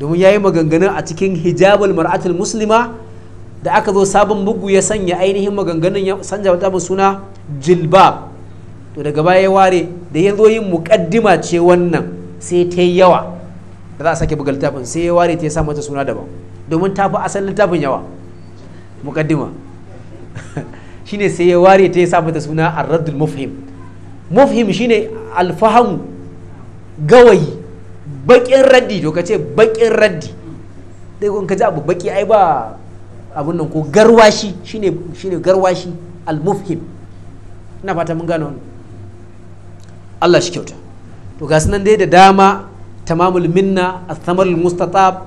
Speaker 1: domin ya yi maganganun a cikin hijabul mar'atul muslima da aka zo sabon bugu ya sanya ainihin maganganun ya sanja wata mu suna jilbab to daga baya ya ware da ya zo yin muƙaddima ce wannan sai ta yi yawa da za a sake buga littafin sai ya ware ta ya sa mata suna daban domin ta fi asalin tafin yawa muƙaddima (laughs) shine sai ya ware ta ya sa mata suna ar-raddul mufhim mufhim shine alfahamu gawayi bakin raddi to ce bakin raddi dai kun kaji abu baki ai ba abun nan ko garwashi shine shine garwashi al-mufhim ina fata mun gano wannan Allah shi kyauta to ga nan dai da dama tamamul minna athamarul mustatab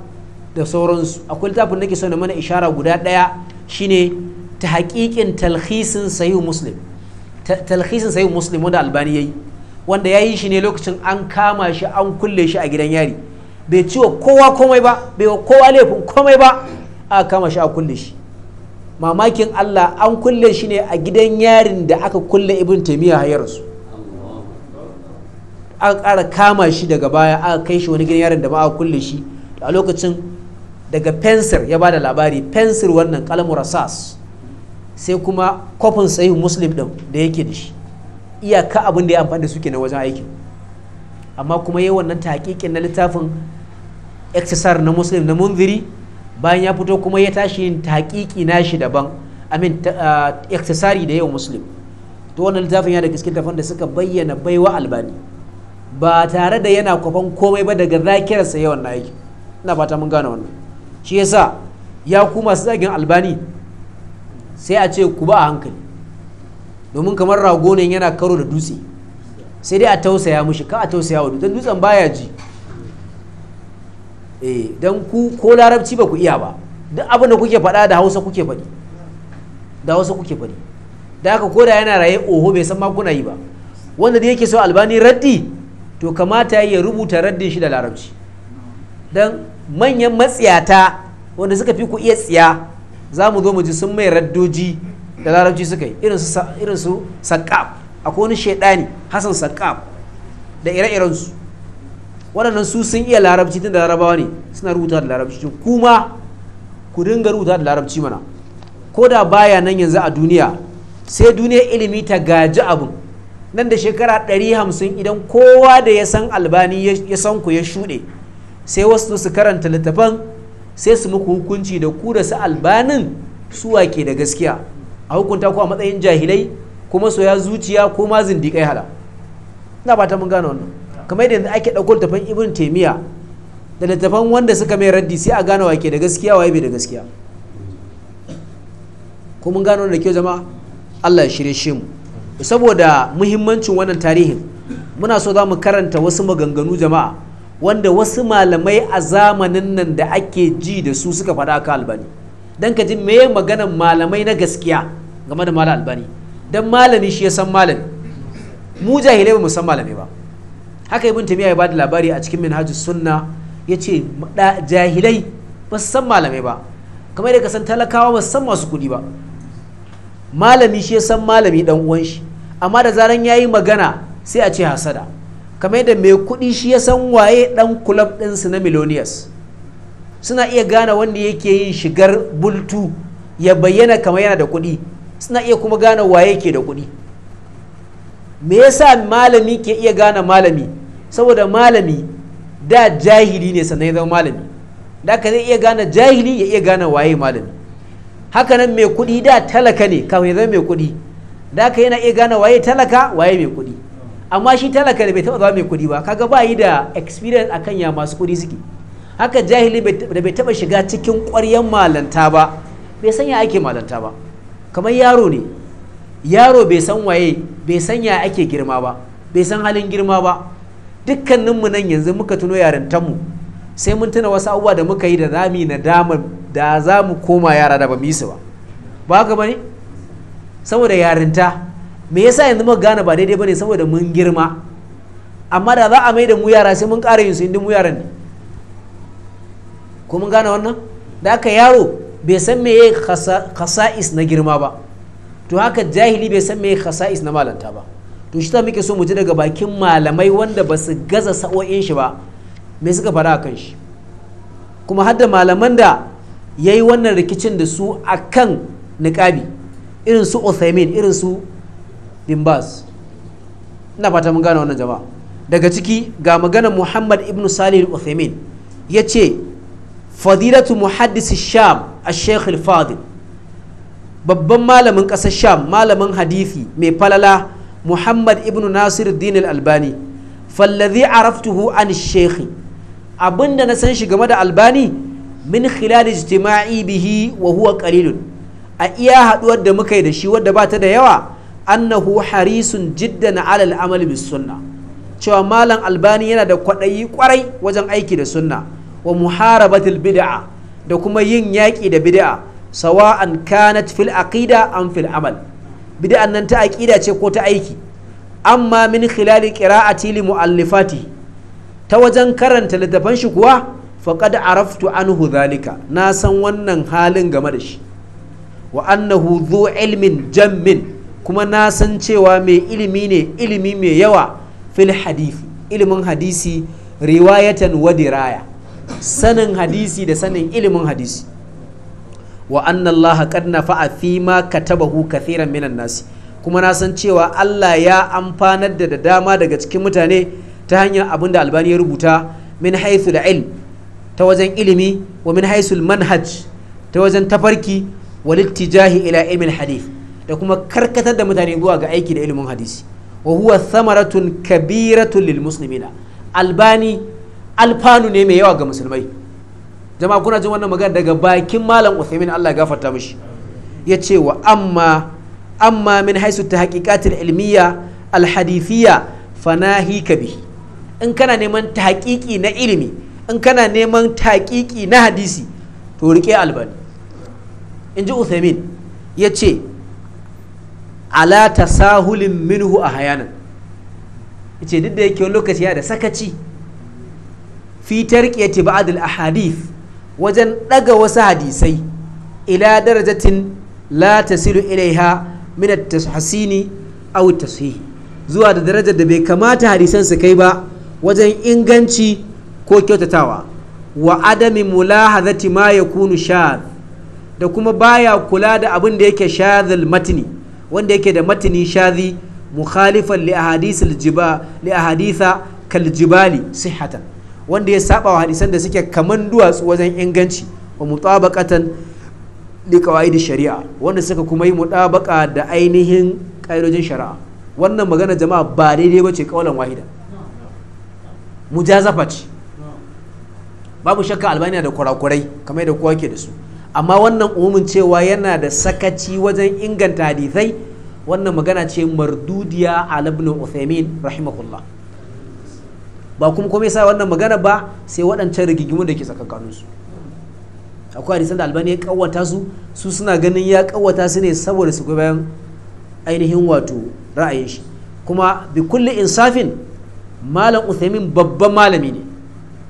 Speaker 1: da sauransu akwai littafin nake so na mana ishara guda daya shine ta haƙiƙin talhisin sayu muslim talhisin sayu muslim wanda albani ya yi wanda ya yi shi ne lokacin an kama shi an kulle shi a gidan yari bai ciwo kowa komai ba bai wa kowa laifin komai ba a kama shi a kulle shi mamakin allah an kulle shi ne a gidan yarin da aka kulle ibn taimiyya hayarsu aka ƙara kama shi daga baya aka kai shi wani gidan yarin da ba a kulle shi a lokacin daga fensir ya ba da labari fensir wannan kalamurasas rasas sai kuma kofin sahihu muslim din da yake da shi iyaka abin da ya amfani da suke na wajen aikin amma kuma yi wannan taƙiƙin na littafin exisar na muslim na munziri bayan ya fito kuma ya tashi yin na shi daban amin exisari da yau muslim to wannan littafin ya da gaske tafan da suka bayyana baiwa albani ba tare da yana kwafan komai ba daga zakirarsa yawan na aiki ina fata mun gane wannan shi yasa ya kuma su zagin albani sai a ce ku ba a hankali domin kamar rago ne yana karo da dutse sai dai a tausaya mushi ka a tausaya wa don dutsen baya ji eh don ku ko larabci ba ku iya ba duk abin da kuke faɗa da hausa kuke faɗi da hausa kuke faɗi da haka koda yana raye oho bai san ma kuna yi ba wanda da yake so albani raddi to kamata ya rubuta raddin shi da larabci don manyan matsiyata wanda suka fi ku iya tsiya za mu zo mu ji sun mai raddoji da larabci suka yi irin su sakaf akwai wani shaidani hasan sakaf da ire-iren waɗannan su sun iya larabci tun da larabawa ne suna rubuta da larabci kuma ku dinga rubuta da larabci mana ko da baya nan yanzu a duniya sai duniya ilimi ta gaji abin nan da shekara 150 idan kowa da ya san albani ya san ku ya shuɗe sai wasu su karanta littafan sai su muku hukunci da ku da su albanin su wake da gaskiya a hukunta ku a matsayin jahilai kuma soya zuciya ko ma zindiƙai hala ina ba ta mun gane wannan kamar yadda ake ɗauko littafin ibn taimiyya da littafan wanda suka mai raddi sai a gane ke da gaskiya waye bai da gaskiya ko mun gano da kyau jama'a Allah ya shirye shi mu saboda muhimmancin wannan tarihin muna so za mu karanta wasu maganganu jama'a wanda wasu malamai a zamanin nan da ake ji da su suka faɗa ka albani don ka ji me maganan malamai na gaskiya game da malam albani don malami shi ya san malami mu jahilai ba mu san malami ba haka ibn tamiya ya bada labari a cikin minhajus sunna ya ce jahilai ba su san malamai ba kamar da ka san talakawa ba su san masu kuɗi ba malami shi ya san malami dan uwan shi amma da zaran yayi magana sai a ce hasada kamar yadda mai kuɗi shi ya san waye ɗan kulab ɗinsu na millionaires suna iya gane wanda yake yin shigar bultu ya bayyana kamar yana da kuɗi suna iya kuma gane waye ke da kuɗi me yasa malami ke iya gane malami saboda malami da jahili ne sannan ya zama malami da ka zai iya gane jahili ya iya gane waye malami hakanan mai kuɗi da talaka ne kafin ya zama mai kuɗi da ka yana iya gane waye talaka waye mai kuɗi amma shi talaka da bai taba zama mai kuɗi ba kaga ba yi da experience akan ya masu kuɗi suke haka jahili da bai taba shiga cikin ƙwaryan malanta ba bai san ya ake malanta ba kamar yaro ne yaro bai san waye bai san ya ake girma ba bai san halin girma ba dukkaninmu nan yanzu muka tuno mu sai mun tuna wasu abubuwa da muka yi da zami na damar da za mu koma yara da ba mu yi su ba ba ka bane saboda yarinta me yasa yanzu muka gane ba daidai bane saboda mun girma amma da za a mai da mu yara sai mun ƙara yin su inda mu yaran ne ko mun gane wannan da aka yaro bai san me ya khasa'is na girma ba to haka jahili bai san me ya khasa'is na malanta ba to shi ta muke so mu ji daga bakin malamai wanda ba su gaza sa'o'in shi ba me suka faɗa kan shi kuma hadda malaman da ya yi wannan rikicin da su akan niƙabi irin su Uthaymin irin su bin ina fata mun gane wannan jama'a daga ciki ga maganar muhammad ibn salih al-uthaymin ya ce fadilatu muhaddis sham a sheikh al-fadil babban malamin ƙasar sham malamin hadithi mai falala muhammad ibn nasir din al-albani fallazi araftuhu an sheikh abinda na san shi game da albani min khilal ijtima'i bihi wa huwa a iya haduwar da muka yi da shi wadda ba ta da yawa annahu harisun jiddan na al'amali bis sunna cewa malam albani yana da kwaɗayi kwarai wajen aiki da sunna wa muharabatil bid'a da kuma yin yaƙi da bid'a sawa'an kanat fil aqida am fil amal bid'an nan ta aqida ce ko ta aiki amma min khilali qira'ati li mu'allifati ta wajen karanta littafan shi kuwa faqad araftu anhu zalika na san wannan halin game da shi wa annahu dhu ilmin jammin kuma na san cewa mai ilimi ne ilimi mai yawa fil hadisi ilimin hadisi riwayatan wadiraya diraya sanin hadisi da sanin ilimin hadisi wa annallaha Allah qad nafa'a fi ma katabahu kathiran minan nasi kuma na san cewa Allah ya amfanar da dama daga cikin mutane ta hanyar abin da albani ya rubuta min da ilm ta wajen ilimi wa min haithul manhaj ta wajen tafarki walittijahi ila ilmin hadith da kuma karkatar da mutane zuwa ga aiki da ilimin hadisi wa huwa thamaratun kabiratun lil muslimina albani alfanu ne mai yawa ga musulmai jama'a kuna jin wannan magana daga bakin malam Uthaymeen Allah ya gafarta mishi yace wa amma amma min haisu tahqiqatil ilmiya alhadithiyya fanahi kabi in kana neman tahqiqi na ilimi in kana neman tahqiqi na hadisi to rike albani in ji ya yace ala sahulin minhu a hayanan ce duk da yake lokaci ya da sakaci fitar tarqiyati ba'd a hadith wajen daga wasu hadisai ila darajatin la ta ilai ilaiha min at aw at zuwa da darajar da bai kamata hadisan su kai ba wajen inganci ko kyautatawa wa adami hadati ma yakunu shadh da kuma baya kula da abin da yake shadhal matni wanda yake da matini shazi mukhalifan li ahadithil jiba li ahaditha kal sihhatan wanda ya saba wa hadisan da suke kaman duwatsu wajen inganci wa mutabaqatan li qawaid shari'a wanda suka kuma yi mutabaqa da ainihin kaidojin shari'a wannan magana jama'a ba daidai ce kaulan wahida mujazafa ce babu shakka albaniya da kurakurai kamar da kowa ke da su amma wannan umumin cewa yana da sakaci wajen inganta hadithai wannan magana ce mardudiya a ibn Uthaymeen rahimahullah ba kuma kuma yasa wannan magana ba sai waɗancan rigigimu da ke tsakankanin akwai hadisan da albani ya kawata su su suna ganin ya kawata su ne saboda su bayan ainihin wato ra'ayin shi kuma bi kulli insafin malam uthamin babban malami ne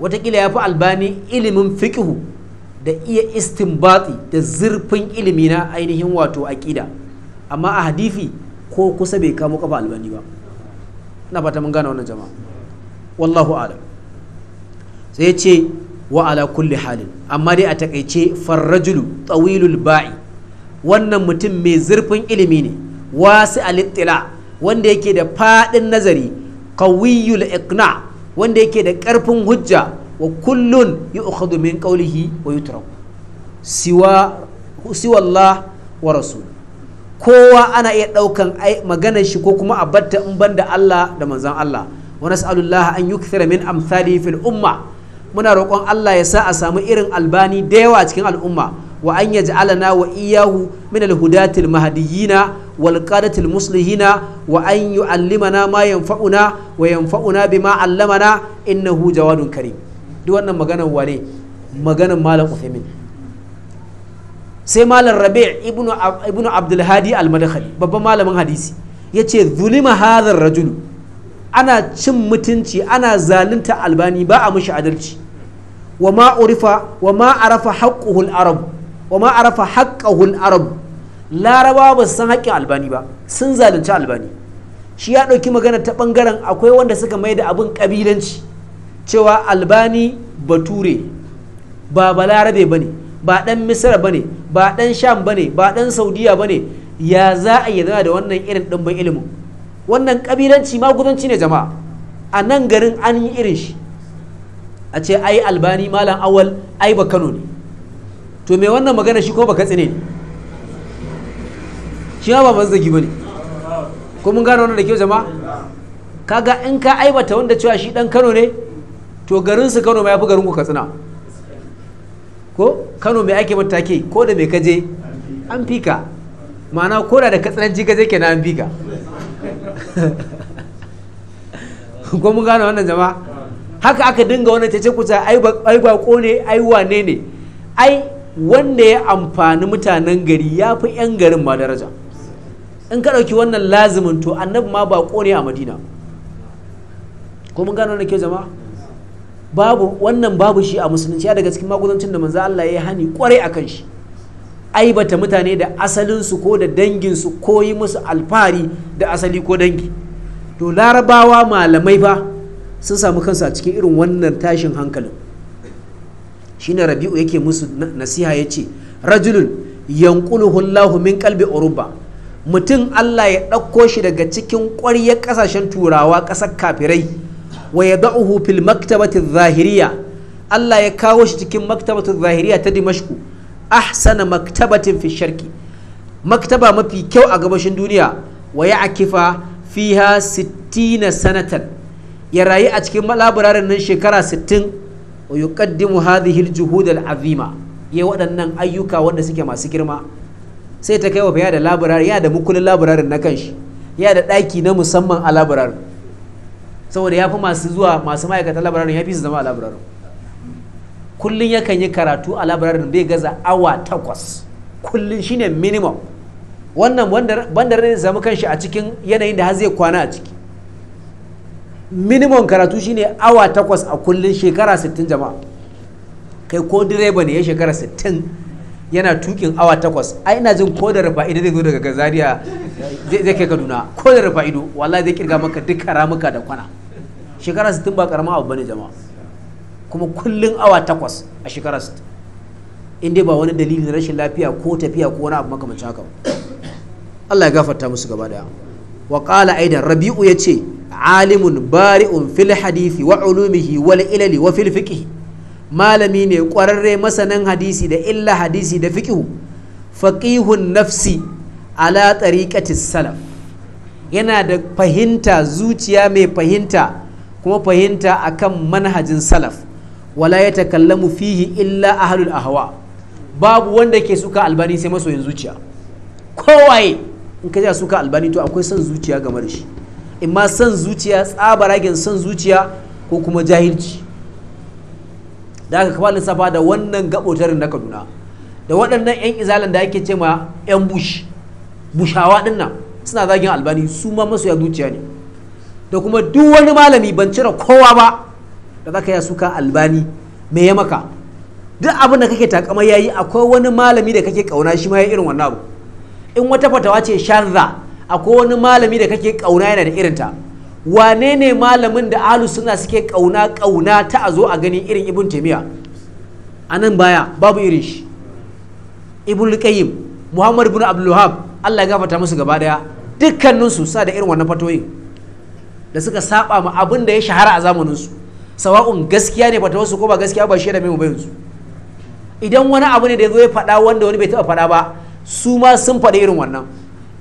Speaker 1: watakila ya fi albani ilimin fikihu. da iya istinbati da zurfin ilimi na ainihin wato aƙida amma a hadifi ko kusa bai kamo kafa albani ba na fata mun gane wannan jama'a wallahu ala sai ya ce wa ala kulli halin amma dai a takaice farrajulu tsawilul ba'i wannan mutum mai zurfin ilimi ne wasu alittila wanda yake da faɗin nazari kawiyul ikna' wanda yake da ƙarfin hujja wa kullun yu'khadhu min qawlihi wa yutrak siwa siwa Allah wa rasul kowa ana iya daukan maganar shi ko kuma a batta in banda Allah da manzon Allah wa nas'alullah an yukthira min amsali fil umma muna roƙon Allah ya sa a samu irin albani da yawa cikin al'umma wa an yaj'alana wa iyyahu min al-hudatil muslihina والقادة المصلحين وأن يعلمنا ما ينفعنا وينفعنا allamana علمنا إنه جواد كريم duk wannan maganar wane maganar malam uthaymin sai malam rabi' ibnu ibnu abdul hadi al babban malamin hadisi yace zulima hadhar rajul ana cin mutunci ana zalunta albani ba a mushi adalci wa ma urifa wa ma arafa haqquhu arab wa ma arafa arab laraba ba san haƙƙin albani ba sun zalunci albani shi ya ɗauki magana ta ɓangaren akwai wanda suka mai da abin ƙabilanci cewa albani bature ba balarabe ba ne ba ɗan misira ba ne ba ɗan sham ba ne ba ɗan saudiya ba ne ya za a yi da wannan irin ɗumbin ilimin wannan ƙabilanci gudanci ne jama'a a nan garin an yi irin shi a ce ai albani malam awal ai ba kano ne to me wannan magana shi ko baka tsine shi ma ba mazzagi ba ne ko mun gane wannan da kyau jama'a kaga in ka aibata wanda cewa shi dan kano ne to garin su Kano mai fi garin ku Katsina ko Kano mai ake matake ko da mai kaje an fika ma'ana ko da da katsinanci kaje kenan an fika (laughs) ko mun gano wannan jama haka aka dinga wannan tece kuta ai ba ne ai wane ne ai wanda ya amfani mutanen gari ya fi 'yan garin ma daraja in ka ɗauki wannan lazimin to annabi ma ba ne a madina ko mun gane wannan ke jama'a babu wannan babu shi a musulunci daga cikin magudancin da manzo Allah ya hani kwarai kan shi aibata mutane da asalinsu ko da danginsu ko yi musu alfahari da asali ko dangi to larabawa malamai fa sun samu kansu a cikin irin wannan tashin hankalin shine rabi'u yake musu nasiha ya ce rajulun yankuluhu Allahu min kalbi uruba mutum Allah ya ɗauko shi daga cikin ƙwaryar ƙasashen turawa ƙasar kafirai wa yada'uhu fil maktabati zahiriya Allah ya kawo shi cikin maktabatu zahiriya ta Dimashku ahsana maktabatin fi sharki maktaba mafi kyau a gabashin duniya wa ya akifa fiha 60 sanatan ya rayu a cikin labararin nan shekara 60 wa yuqaddimu hadhihi al-juhud azima ya waɗannan ayyuka wanda suke masu girma sai ta kai wa da labararin ya da mukulin labararin na kanshi ya da ɗaki na musamman a labararin saboda ya fi masu zuwa masu ma'aikatan labararin ya fi su zama a labararin kullum yakan yi karatu a labararin bai gaza awa takwas kullum shine minimum wannan bandar ne zama kanshi a cikin yanayin da har zai kwana a ciki minimum karatu shine awa takwas a kullum shekara 60 jama'a kai ko direba ne ya shekara 60 yana tukin awa takwas ai ina jin ko da rufa ido zai zo daga Zaria zai kai Kaduna ko da rufa ido wallahi zai kirga maka duk ramuka da kwana shekara 60 ba karamin abu bane jama'a kuma kullun awa takwas a shekara 60 inda ba wani dalilin rashin lafiya ko tafiya ko wani abu makamancin haka Allah ya gafarta musu gaba daya wa qala aidan rabi'u yace alimun bari'un fil hadisi wa ulumihi wal ilali wa fil fiqh malami ne kwararre masanin hadisi da illa hadisi da fiqh faqihun nafsi ala tariqati salaf yana da fahimta zuciya mai fahimta kuma fahimta a kan manhajin salaf wala ya takallamu fihi illa a ahwa babu wanda ke suka albani sai masoyin zuciya kowaye in ka ja suka albani to akwai son zuciya game da shi imma son zuciya tsabaragen son zuciya ko kuma jahilci da aka kafa lissafa da wannan gabotarin na kaduna da waɗannan 'yan izalan da ake ce ma 'yan bush bushawa ɗin nan suna zagin albani su ma masoya zuciya ne da kuma duk wani malami ban cire kowa ba da zaka ya suka albani me ya maka duk abin da kake takama yayi akwai wani malami da kake kauna shi ma ya irin wannan abu in wata fatawa ce sharra akwai wani malami da kake kauna yana da irinta wane ne malamin da ahlus sunna suke kauna kauna ta a zo a gani irin ibn taymiya anan baya babu irin shi ibn qayyim muhammad ibn abdul Allah ya gafarta musu gaba daya dukkaninsu sa da irin wannan fatoyin da suka saba ma abin da ya shahara a zamanin su sawa'un gaskiya ne fata wasu ko ba gaskiya ba shi da mai yanzu idan wani abu ne da yazo zo ya faɗa wanda wani bai taɓa faɗa ba su ma sun faɗi irin wannan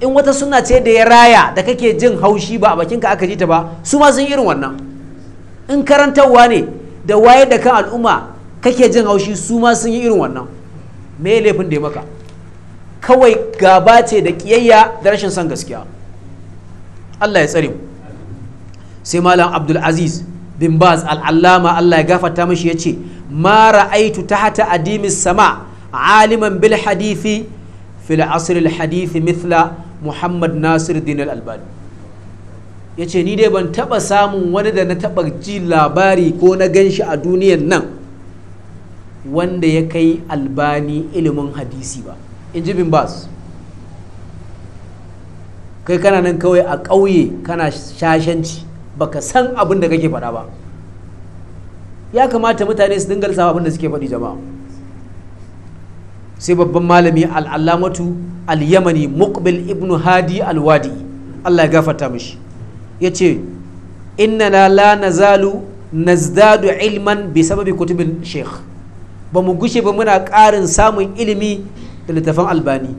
Speaker 1: in wata suna ce da ya raya da kake jin haushi ba a bakinka aka ji ta ba su ma sun irin wannan in karantarwa ne da wayar da kan al'umma kake jin haushi su ma sun yi irin wannan me laifin da ya maka kawai gaba ce da ƙiyayya da rashin son gaskiya Allah ya tsare mu sai malam abdul aziz bin baz al'allama allah ya gafarta mashi ya ce ma ra'aitu hata adimis sama aliman bil hadithi fil asirin hadithi mithla muhammad nasir dinar albani ya ce ni dai ban taba samun wani da na taba ji labari ko na gan shi a duniyan nan wanda ya kai albani ilimin hadisi ba in ji bin baz kai kana nan kawai a ƙauye kana shashanci baka san abin da kake faɗa ba ya kamata mutane su dinga lissafa abin da suke faɗi jama'a sai babban malami al'allamatu al-yamani muqbil ibnu hadi al-wadi Allah ya gafarta mishi yace inna la nazalu nazdadu ilman bi sababi kutubin sheikh ba mu gushe ba muna ƙarin samun ilimi da littafan albani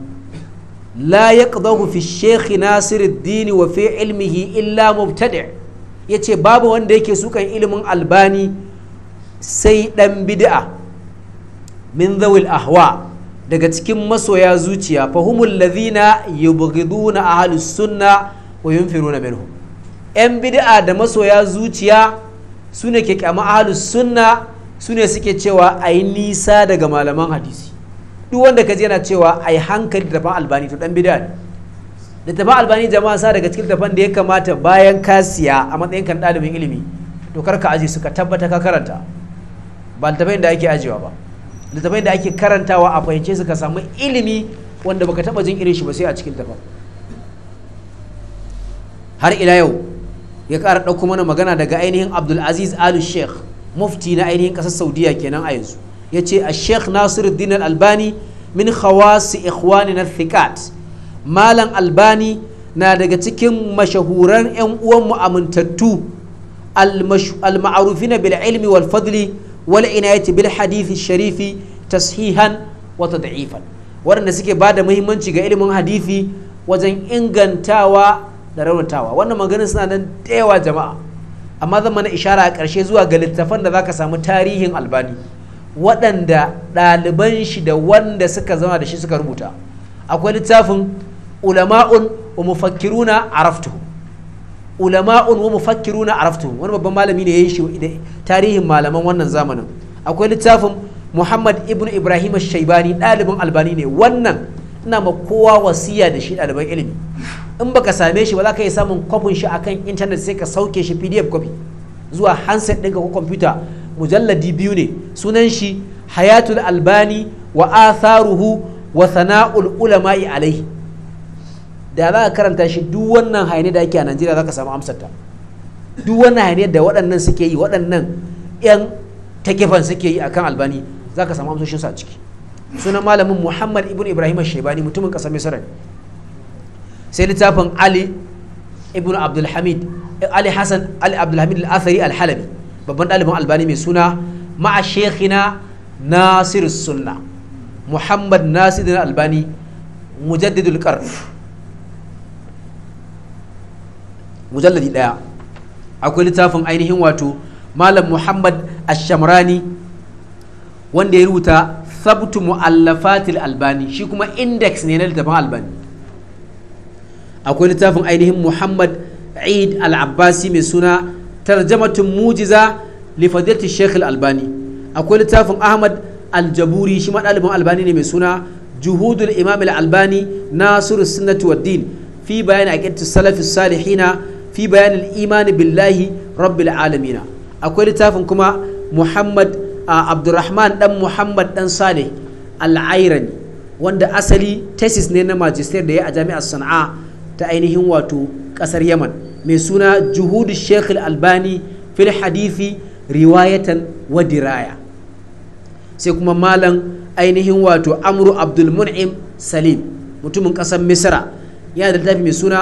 Speaker 1: la yaqdahu fi sheikh nasiruddin wa fi ilmihi illa mubtadi' ya ce babu wanda yake sukan ilimin albani sai ɗan bid'a min zawil ahwa daga cikin masoya zuciya fahimul ladhina yubghiduna ahlus sunna wa na minhum yan bid'a da masoya zuciya su ne ke kyama ahalus sunna su ne suke cewa a yi nisa daga malaman hadisi duk wanda ka je yana cewa a yi hankali da ban albani to dan bid'a ne littafin albani jama'a sa daga cikin littafin da ya kamata bayan ka siya a matsayin kan ɗalibin ilimi to kar ka aje su ka tabbata ka karanta ba littafin da ake ajewa ba littafin da ake karantawa a fahimce su ka samu ilimi wanda baka taba jin irin shi ba sai a cikin littafin har ila yau ya ƙara ɗauko mana magana daga ainihin abdul aziz al sheikh mufti na ainihin ƙasar saudiya kenan a yanzu ya ce a sheikh nasiruddin al albani min khawasi na thiqat malam albani na daga cikin mashahuran 'yan uwanmu amintattu al-ma'arufina bil ilmi wal fadli wal inayati bil hadithi sharifi tashihan wa tad'ifan waɗanda suke ba da muhimmanci ga ilimin hadithi wajen ingantawa da raunatawa wannan maganin suna nan da jama'a amma zan mana ishara a ƙarshe zuwa ga littafan da zaka samu tarihin albani waɗanda ɗaliban shi da wanda suka zama da shi suka rubuta akwai littafin ulama'un wa mufakkiruna araftuhu ulama'un wa mufakkiruna araftuhu wani babban malami ne yi shi da tarihin malaman wannan zamanin akwai littafin Muhammad ibn Ibrahim Shaibani ɗalibin albani ne wannan ina ma kowa wasiya da shi ɗaliban ilimi in baka same shi ba za ka samun kwafin shi akan intanet sai ka sauke shi pdf kwafi zuwa handset ɗinka ko kwamfuta mujalladi biyu ne sunan shi hayatul albani wa atharuhu wa sana'ul ulama'i alaihi da za a karanta shi duk wannan hayani da ake a najeriya za ka samu amsarta duk wannan hayani da waɗannan suke yi waɗannan 'yan takifan suke yi a kan albani za ka samu amsoshinsa a ciki sunan malamin muhammad ibn ibrahim shebani mutumin ƙasar misira ne sai littafin ali ibn abdulhamid ali hassan ali abdulhamid al'athari alhalami babban ɗalibin albani mai suna ma'a shekina nasir sunna muhammad nasir albani mujaddidul mujalladi ɗaya akwai littafin ainihin wato malam muhammad ashamrani wanda ya rubuta sabtu mu'allafatil albani shi kuma index ne na littafin albani akwai littafin ainihin muhammad eid al-abbasi mai suna tarjamatun mujiza lifadilati sheikh al-albani akwai littafin ahmad aljaburi shi ɗalibin albani ne mai suna juhudul imam al-albani nasiru sunnati wa din fi bayani aqidatu salafis salihina fi bayanin imani billahi rabbil alamina akwai littafin kuma muhammad abdurrahman dan muhammad dan saleh al'airani wanda asali tesis ne na majistar da ya a jami'ar sana'a ta ainihin wato kasar yaman mai suna juhudu sheikh albani fil hadithi riwayatan wa diraya sai kuma malam ainihin wato amru abdul mun'im salim mutumin kasar misra yana da littafi mai suna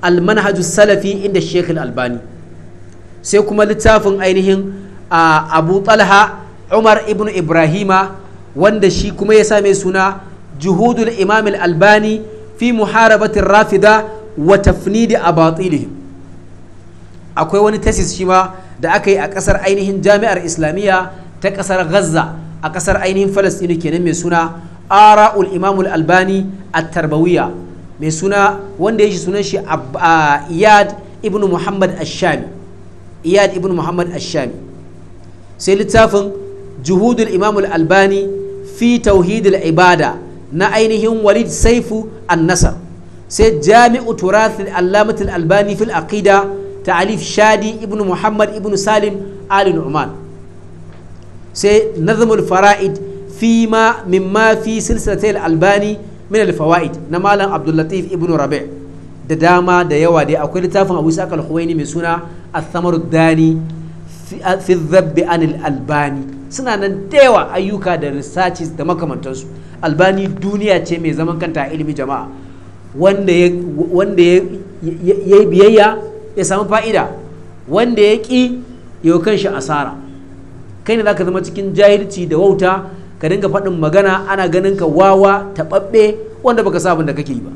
Speaker 1: almanhaju salafi inda shekhul albani sai kuma littafin ainihin abu talha umar ibn ibrahima wanda shi kuma ya same suna juhudul imam albani fi muharabatin rafida wa tafnidi a akwai wani tesis shi ma da aka yi a kasar ainihin jami'ar islamiyya ta kasar gaza a kasar ainihin falastinu kenan mai suna ara'ul imamul albani a tarbawiya. mai suna wanda ya shi sunan shi iyad ibn muhammad ashami iyad ibn muhammad ashami sai littafin juhudul imam albani fi tauhidul ibada na ainihin walid saifu annasar sai jami'u turathil allamatul albani fil aqida ta alif shadi ibn muhammad ibn salim ali nu'man sai nazmul fara'id fi ma mimma fi silsilatil albani min al-fawaid na malam Abdul Latif ibn Rabi' da dama da yawa dai akwai littafin Abu Isa al-Khuwaini mai suna asamar Dani fi dhabbi anil albani suna nan da yawa ayyuka da researches da makamantansu albani duniya ce mai zaman kanta a ilimi jama'a wanda ya yi biyayya ya samu fa'ida wanda ya ki yau kan shi asara kai ne zaka zama cikin jahilci da wauta ka dinga faɗin magana ana ganin ka wawa taɓaɓɓe wanda baka sa da kake yi ba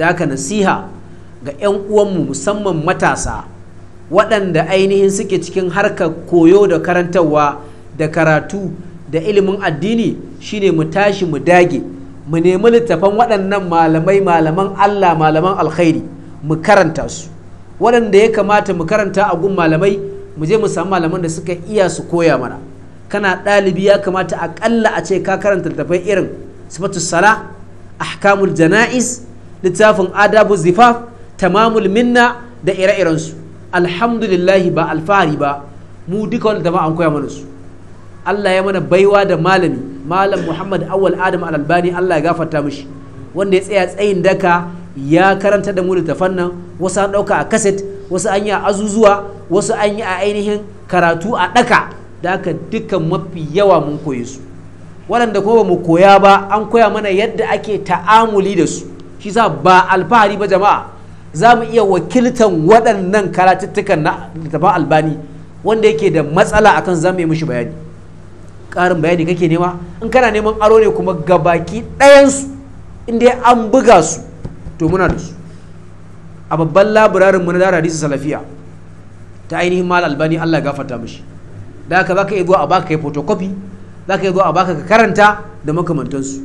Speaker 1: da haka nasiha ga 'yan uwanmu musamman matasa waɗanda ainihin suke cikin harkar koyo da karantarwa da karatu da ilimin addini shine mu tashi mu dage mu nemi littafan waɗannan malamai malaman Allah malaman alkhairi mu karanta su waɗanda ya kamata mu karanta a gun malamai mu je mu samu malaman da suka iya su koya mana kana ɗalibi ya kamata aƙalla a ce ka karanta littafai irin sifatu sala ahkamul jana'iz littafin adabu zifaf tamamul minna da ire-irensu alhamdulillahi ba alfahari ba mu duka wani da an koya mana su Allah ya mana baiwa da malami malam Muhammad Awal Adam Al-Albani Allah ya gafarta mishi wanda ya tsaya tsayin daka ya karanta da mu littafan nan wasu an ɗauka a kaset wasu an yi a azuzuwa wasu an yi a ainihin karatu a ɗaka da aka duka mafi yawa mun koyi su waɗanda kuma ba mu koya ba an koya mana yadda ake ta'amuli da su shi sa ba alfahari ba jama'a za mu iya wakiltan waɗannan karatuttukan na littafin albani wanda yake da matsala akan za mu yi mishi bayani ƙarin bayani kake nema in kana neman aro ne kuma gabaki ɗayansu inda an buga su to muna da su a babban labirarin mu na dara hadisi salafiya ta ainihin mal albani Allah gafarta mishi da haka za ka iya a baka kai photocopy za ka iya zuwa a baka ka karanta da makamantansu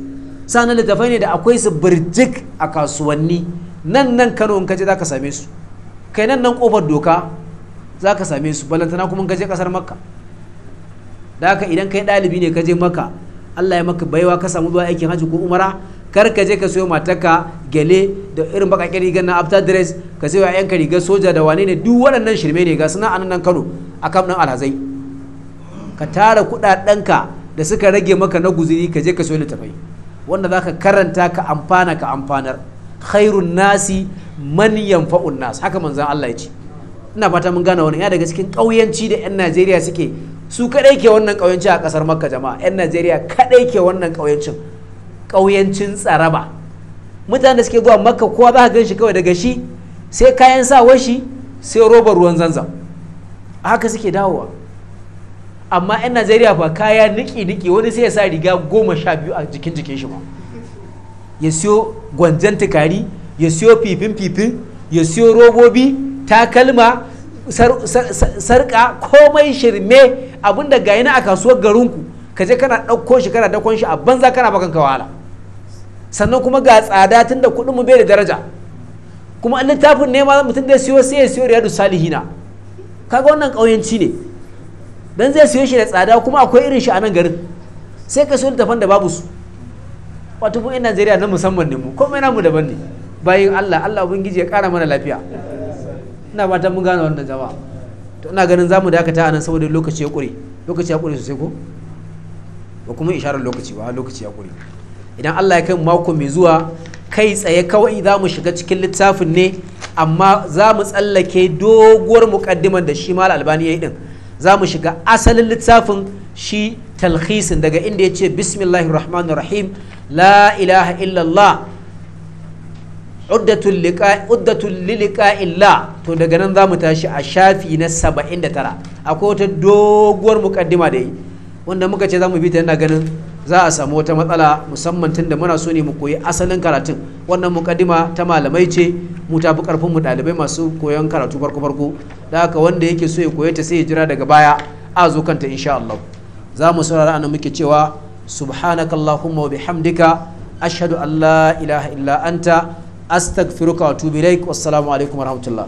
Speaker 1: sanan littafai ne da akwai su birjik a kasuwanni nan nan kano in kaje za ka same su kai nan nan kofar doka za ka same su balantana kuma in kaje kasar makka da haka idan kai ɗalibi ne kaje makka allah ya maka baiwa ka samu zuwa aikin hajji ko umara kar ka je ka sayo matarka gele da irin bakakken rigar na after dress ka sayo yanka rigar soja da wane ne duk waɗannan shirme ne ga suna a nan kano a kam alhazai ka tara ka da suka rage maka na guziri ka je ka soyi tafai wanda za ka karanta ka amfana ka amfanar khairun nasi man yanfa'un nas haka manzan Allah ya ina fata mun gane wani ya daga cikin kauyanci da 'yan Najeriya suke su kadai ke wannan kauyanci a kasar Makka jama'a 'yan Najeriya kadai ke wannan kauyancin kauyancin tsaraba mutane suke zuwa Makka kowa za ka gan shi kawai daga shi sai kayan sa shi sai robar ruwan zanzam haka suke dawowa amma 'yan najeriya ba kaya niki-niki wani sai ya sa riga goma sha biyu a jikin jikin shi ba ya siyo gwanjan tukari ya siyo fifin-fifin ya siyo robobi takalma sarka komai shirme abinda ga yana a kasuwar garinku ka je kana ɗauko shi kana dakon shi a banza kana bakan kawala sannan kuma ga tsada tun da kuɗin mu bai da daraja kuma an littafin nema mutum da siyo sai ya siyo riyadu salihina kaga wannan ƙauyenci ne dan zai siyo shi da tsada kuma akwai irin shi a nan garin sai ka so tafan da babu su wato mu 'yan najeriya na musamman ne mu komai namu daban ne bayan allah allah ubangiji ya kara mana lafiya ina fatan mun gane wannan jama'a to ina ganin zamu dakata a nan saboda lokaci ya kure lokaci ya kure sosai ko ba kuma isharar lokaci ba lokaci ya kure idan allah ya kai mako mai zuwa kai tsaye kawai za mu shiga cikin littafin ne amma za mu tsallake doguwar muƙaddiman da shi mal albani ya yi din za mu shiga asalin littafin shi talhisin daga inda ya ce bismillahir rahmanir rahim la ilaha illallah uddatul liqa uddatul illa to daga nan za mu tashi a shafi na 79 akwai wata doguwar mukaddima da yi wanda muka ce za mu bi ta yana ganin za a samu wata matsala musamman tun da muna so ne mu koyi asalin karatun wannan mukaddima ta malamai ce mu tafi karfin mu dalibai masu koyon karatu farko farko da haka wanda yake so ya koye ta sai ya jira daga baya a zo kanta insha Allah za mu saurara anan muke cewa subhanakallahumma wa bihamdika ashhadu an la ilaha illa anta astaghfiruka wa atubu ilaik wassalamu alaikum warahmatullah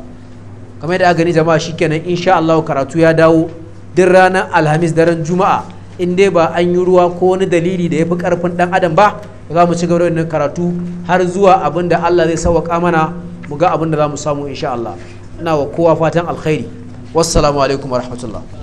Speaker 1: kamar yadda aka gani jama'a shikenan insha Allah karatu ya dawo duk ranar alhamis daren juma'a in dai ba an yi ruwa ko wani dalili da ya fi karfin ɗan adam ba za mu ci gaba da karatu har zuwa abin da Allah zai sauwaka mana mu ga abin da za mu samu insha Allah ina wa kowa fatan alkhairi wassalamu alaikum warahmatullahi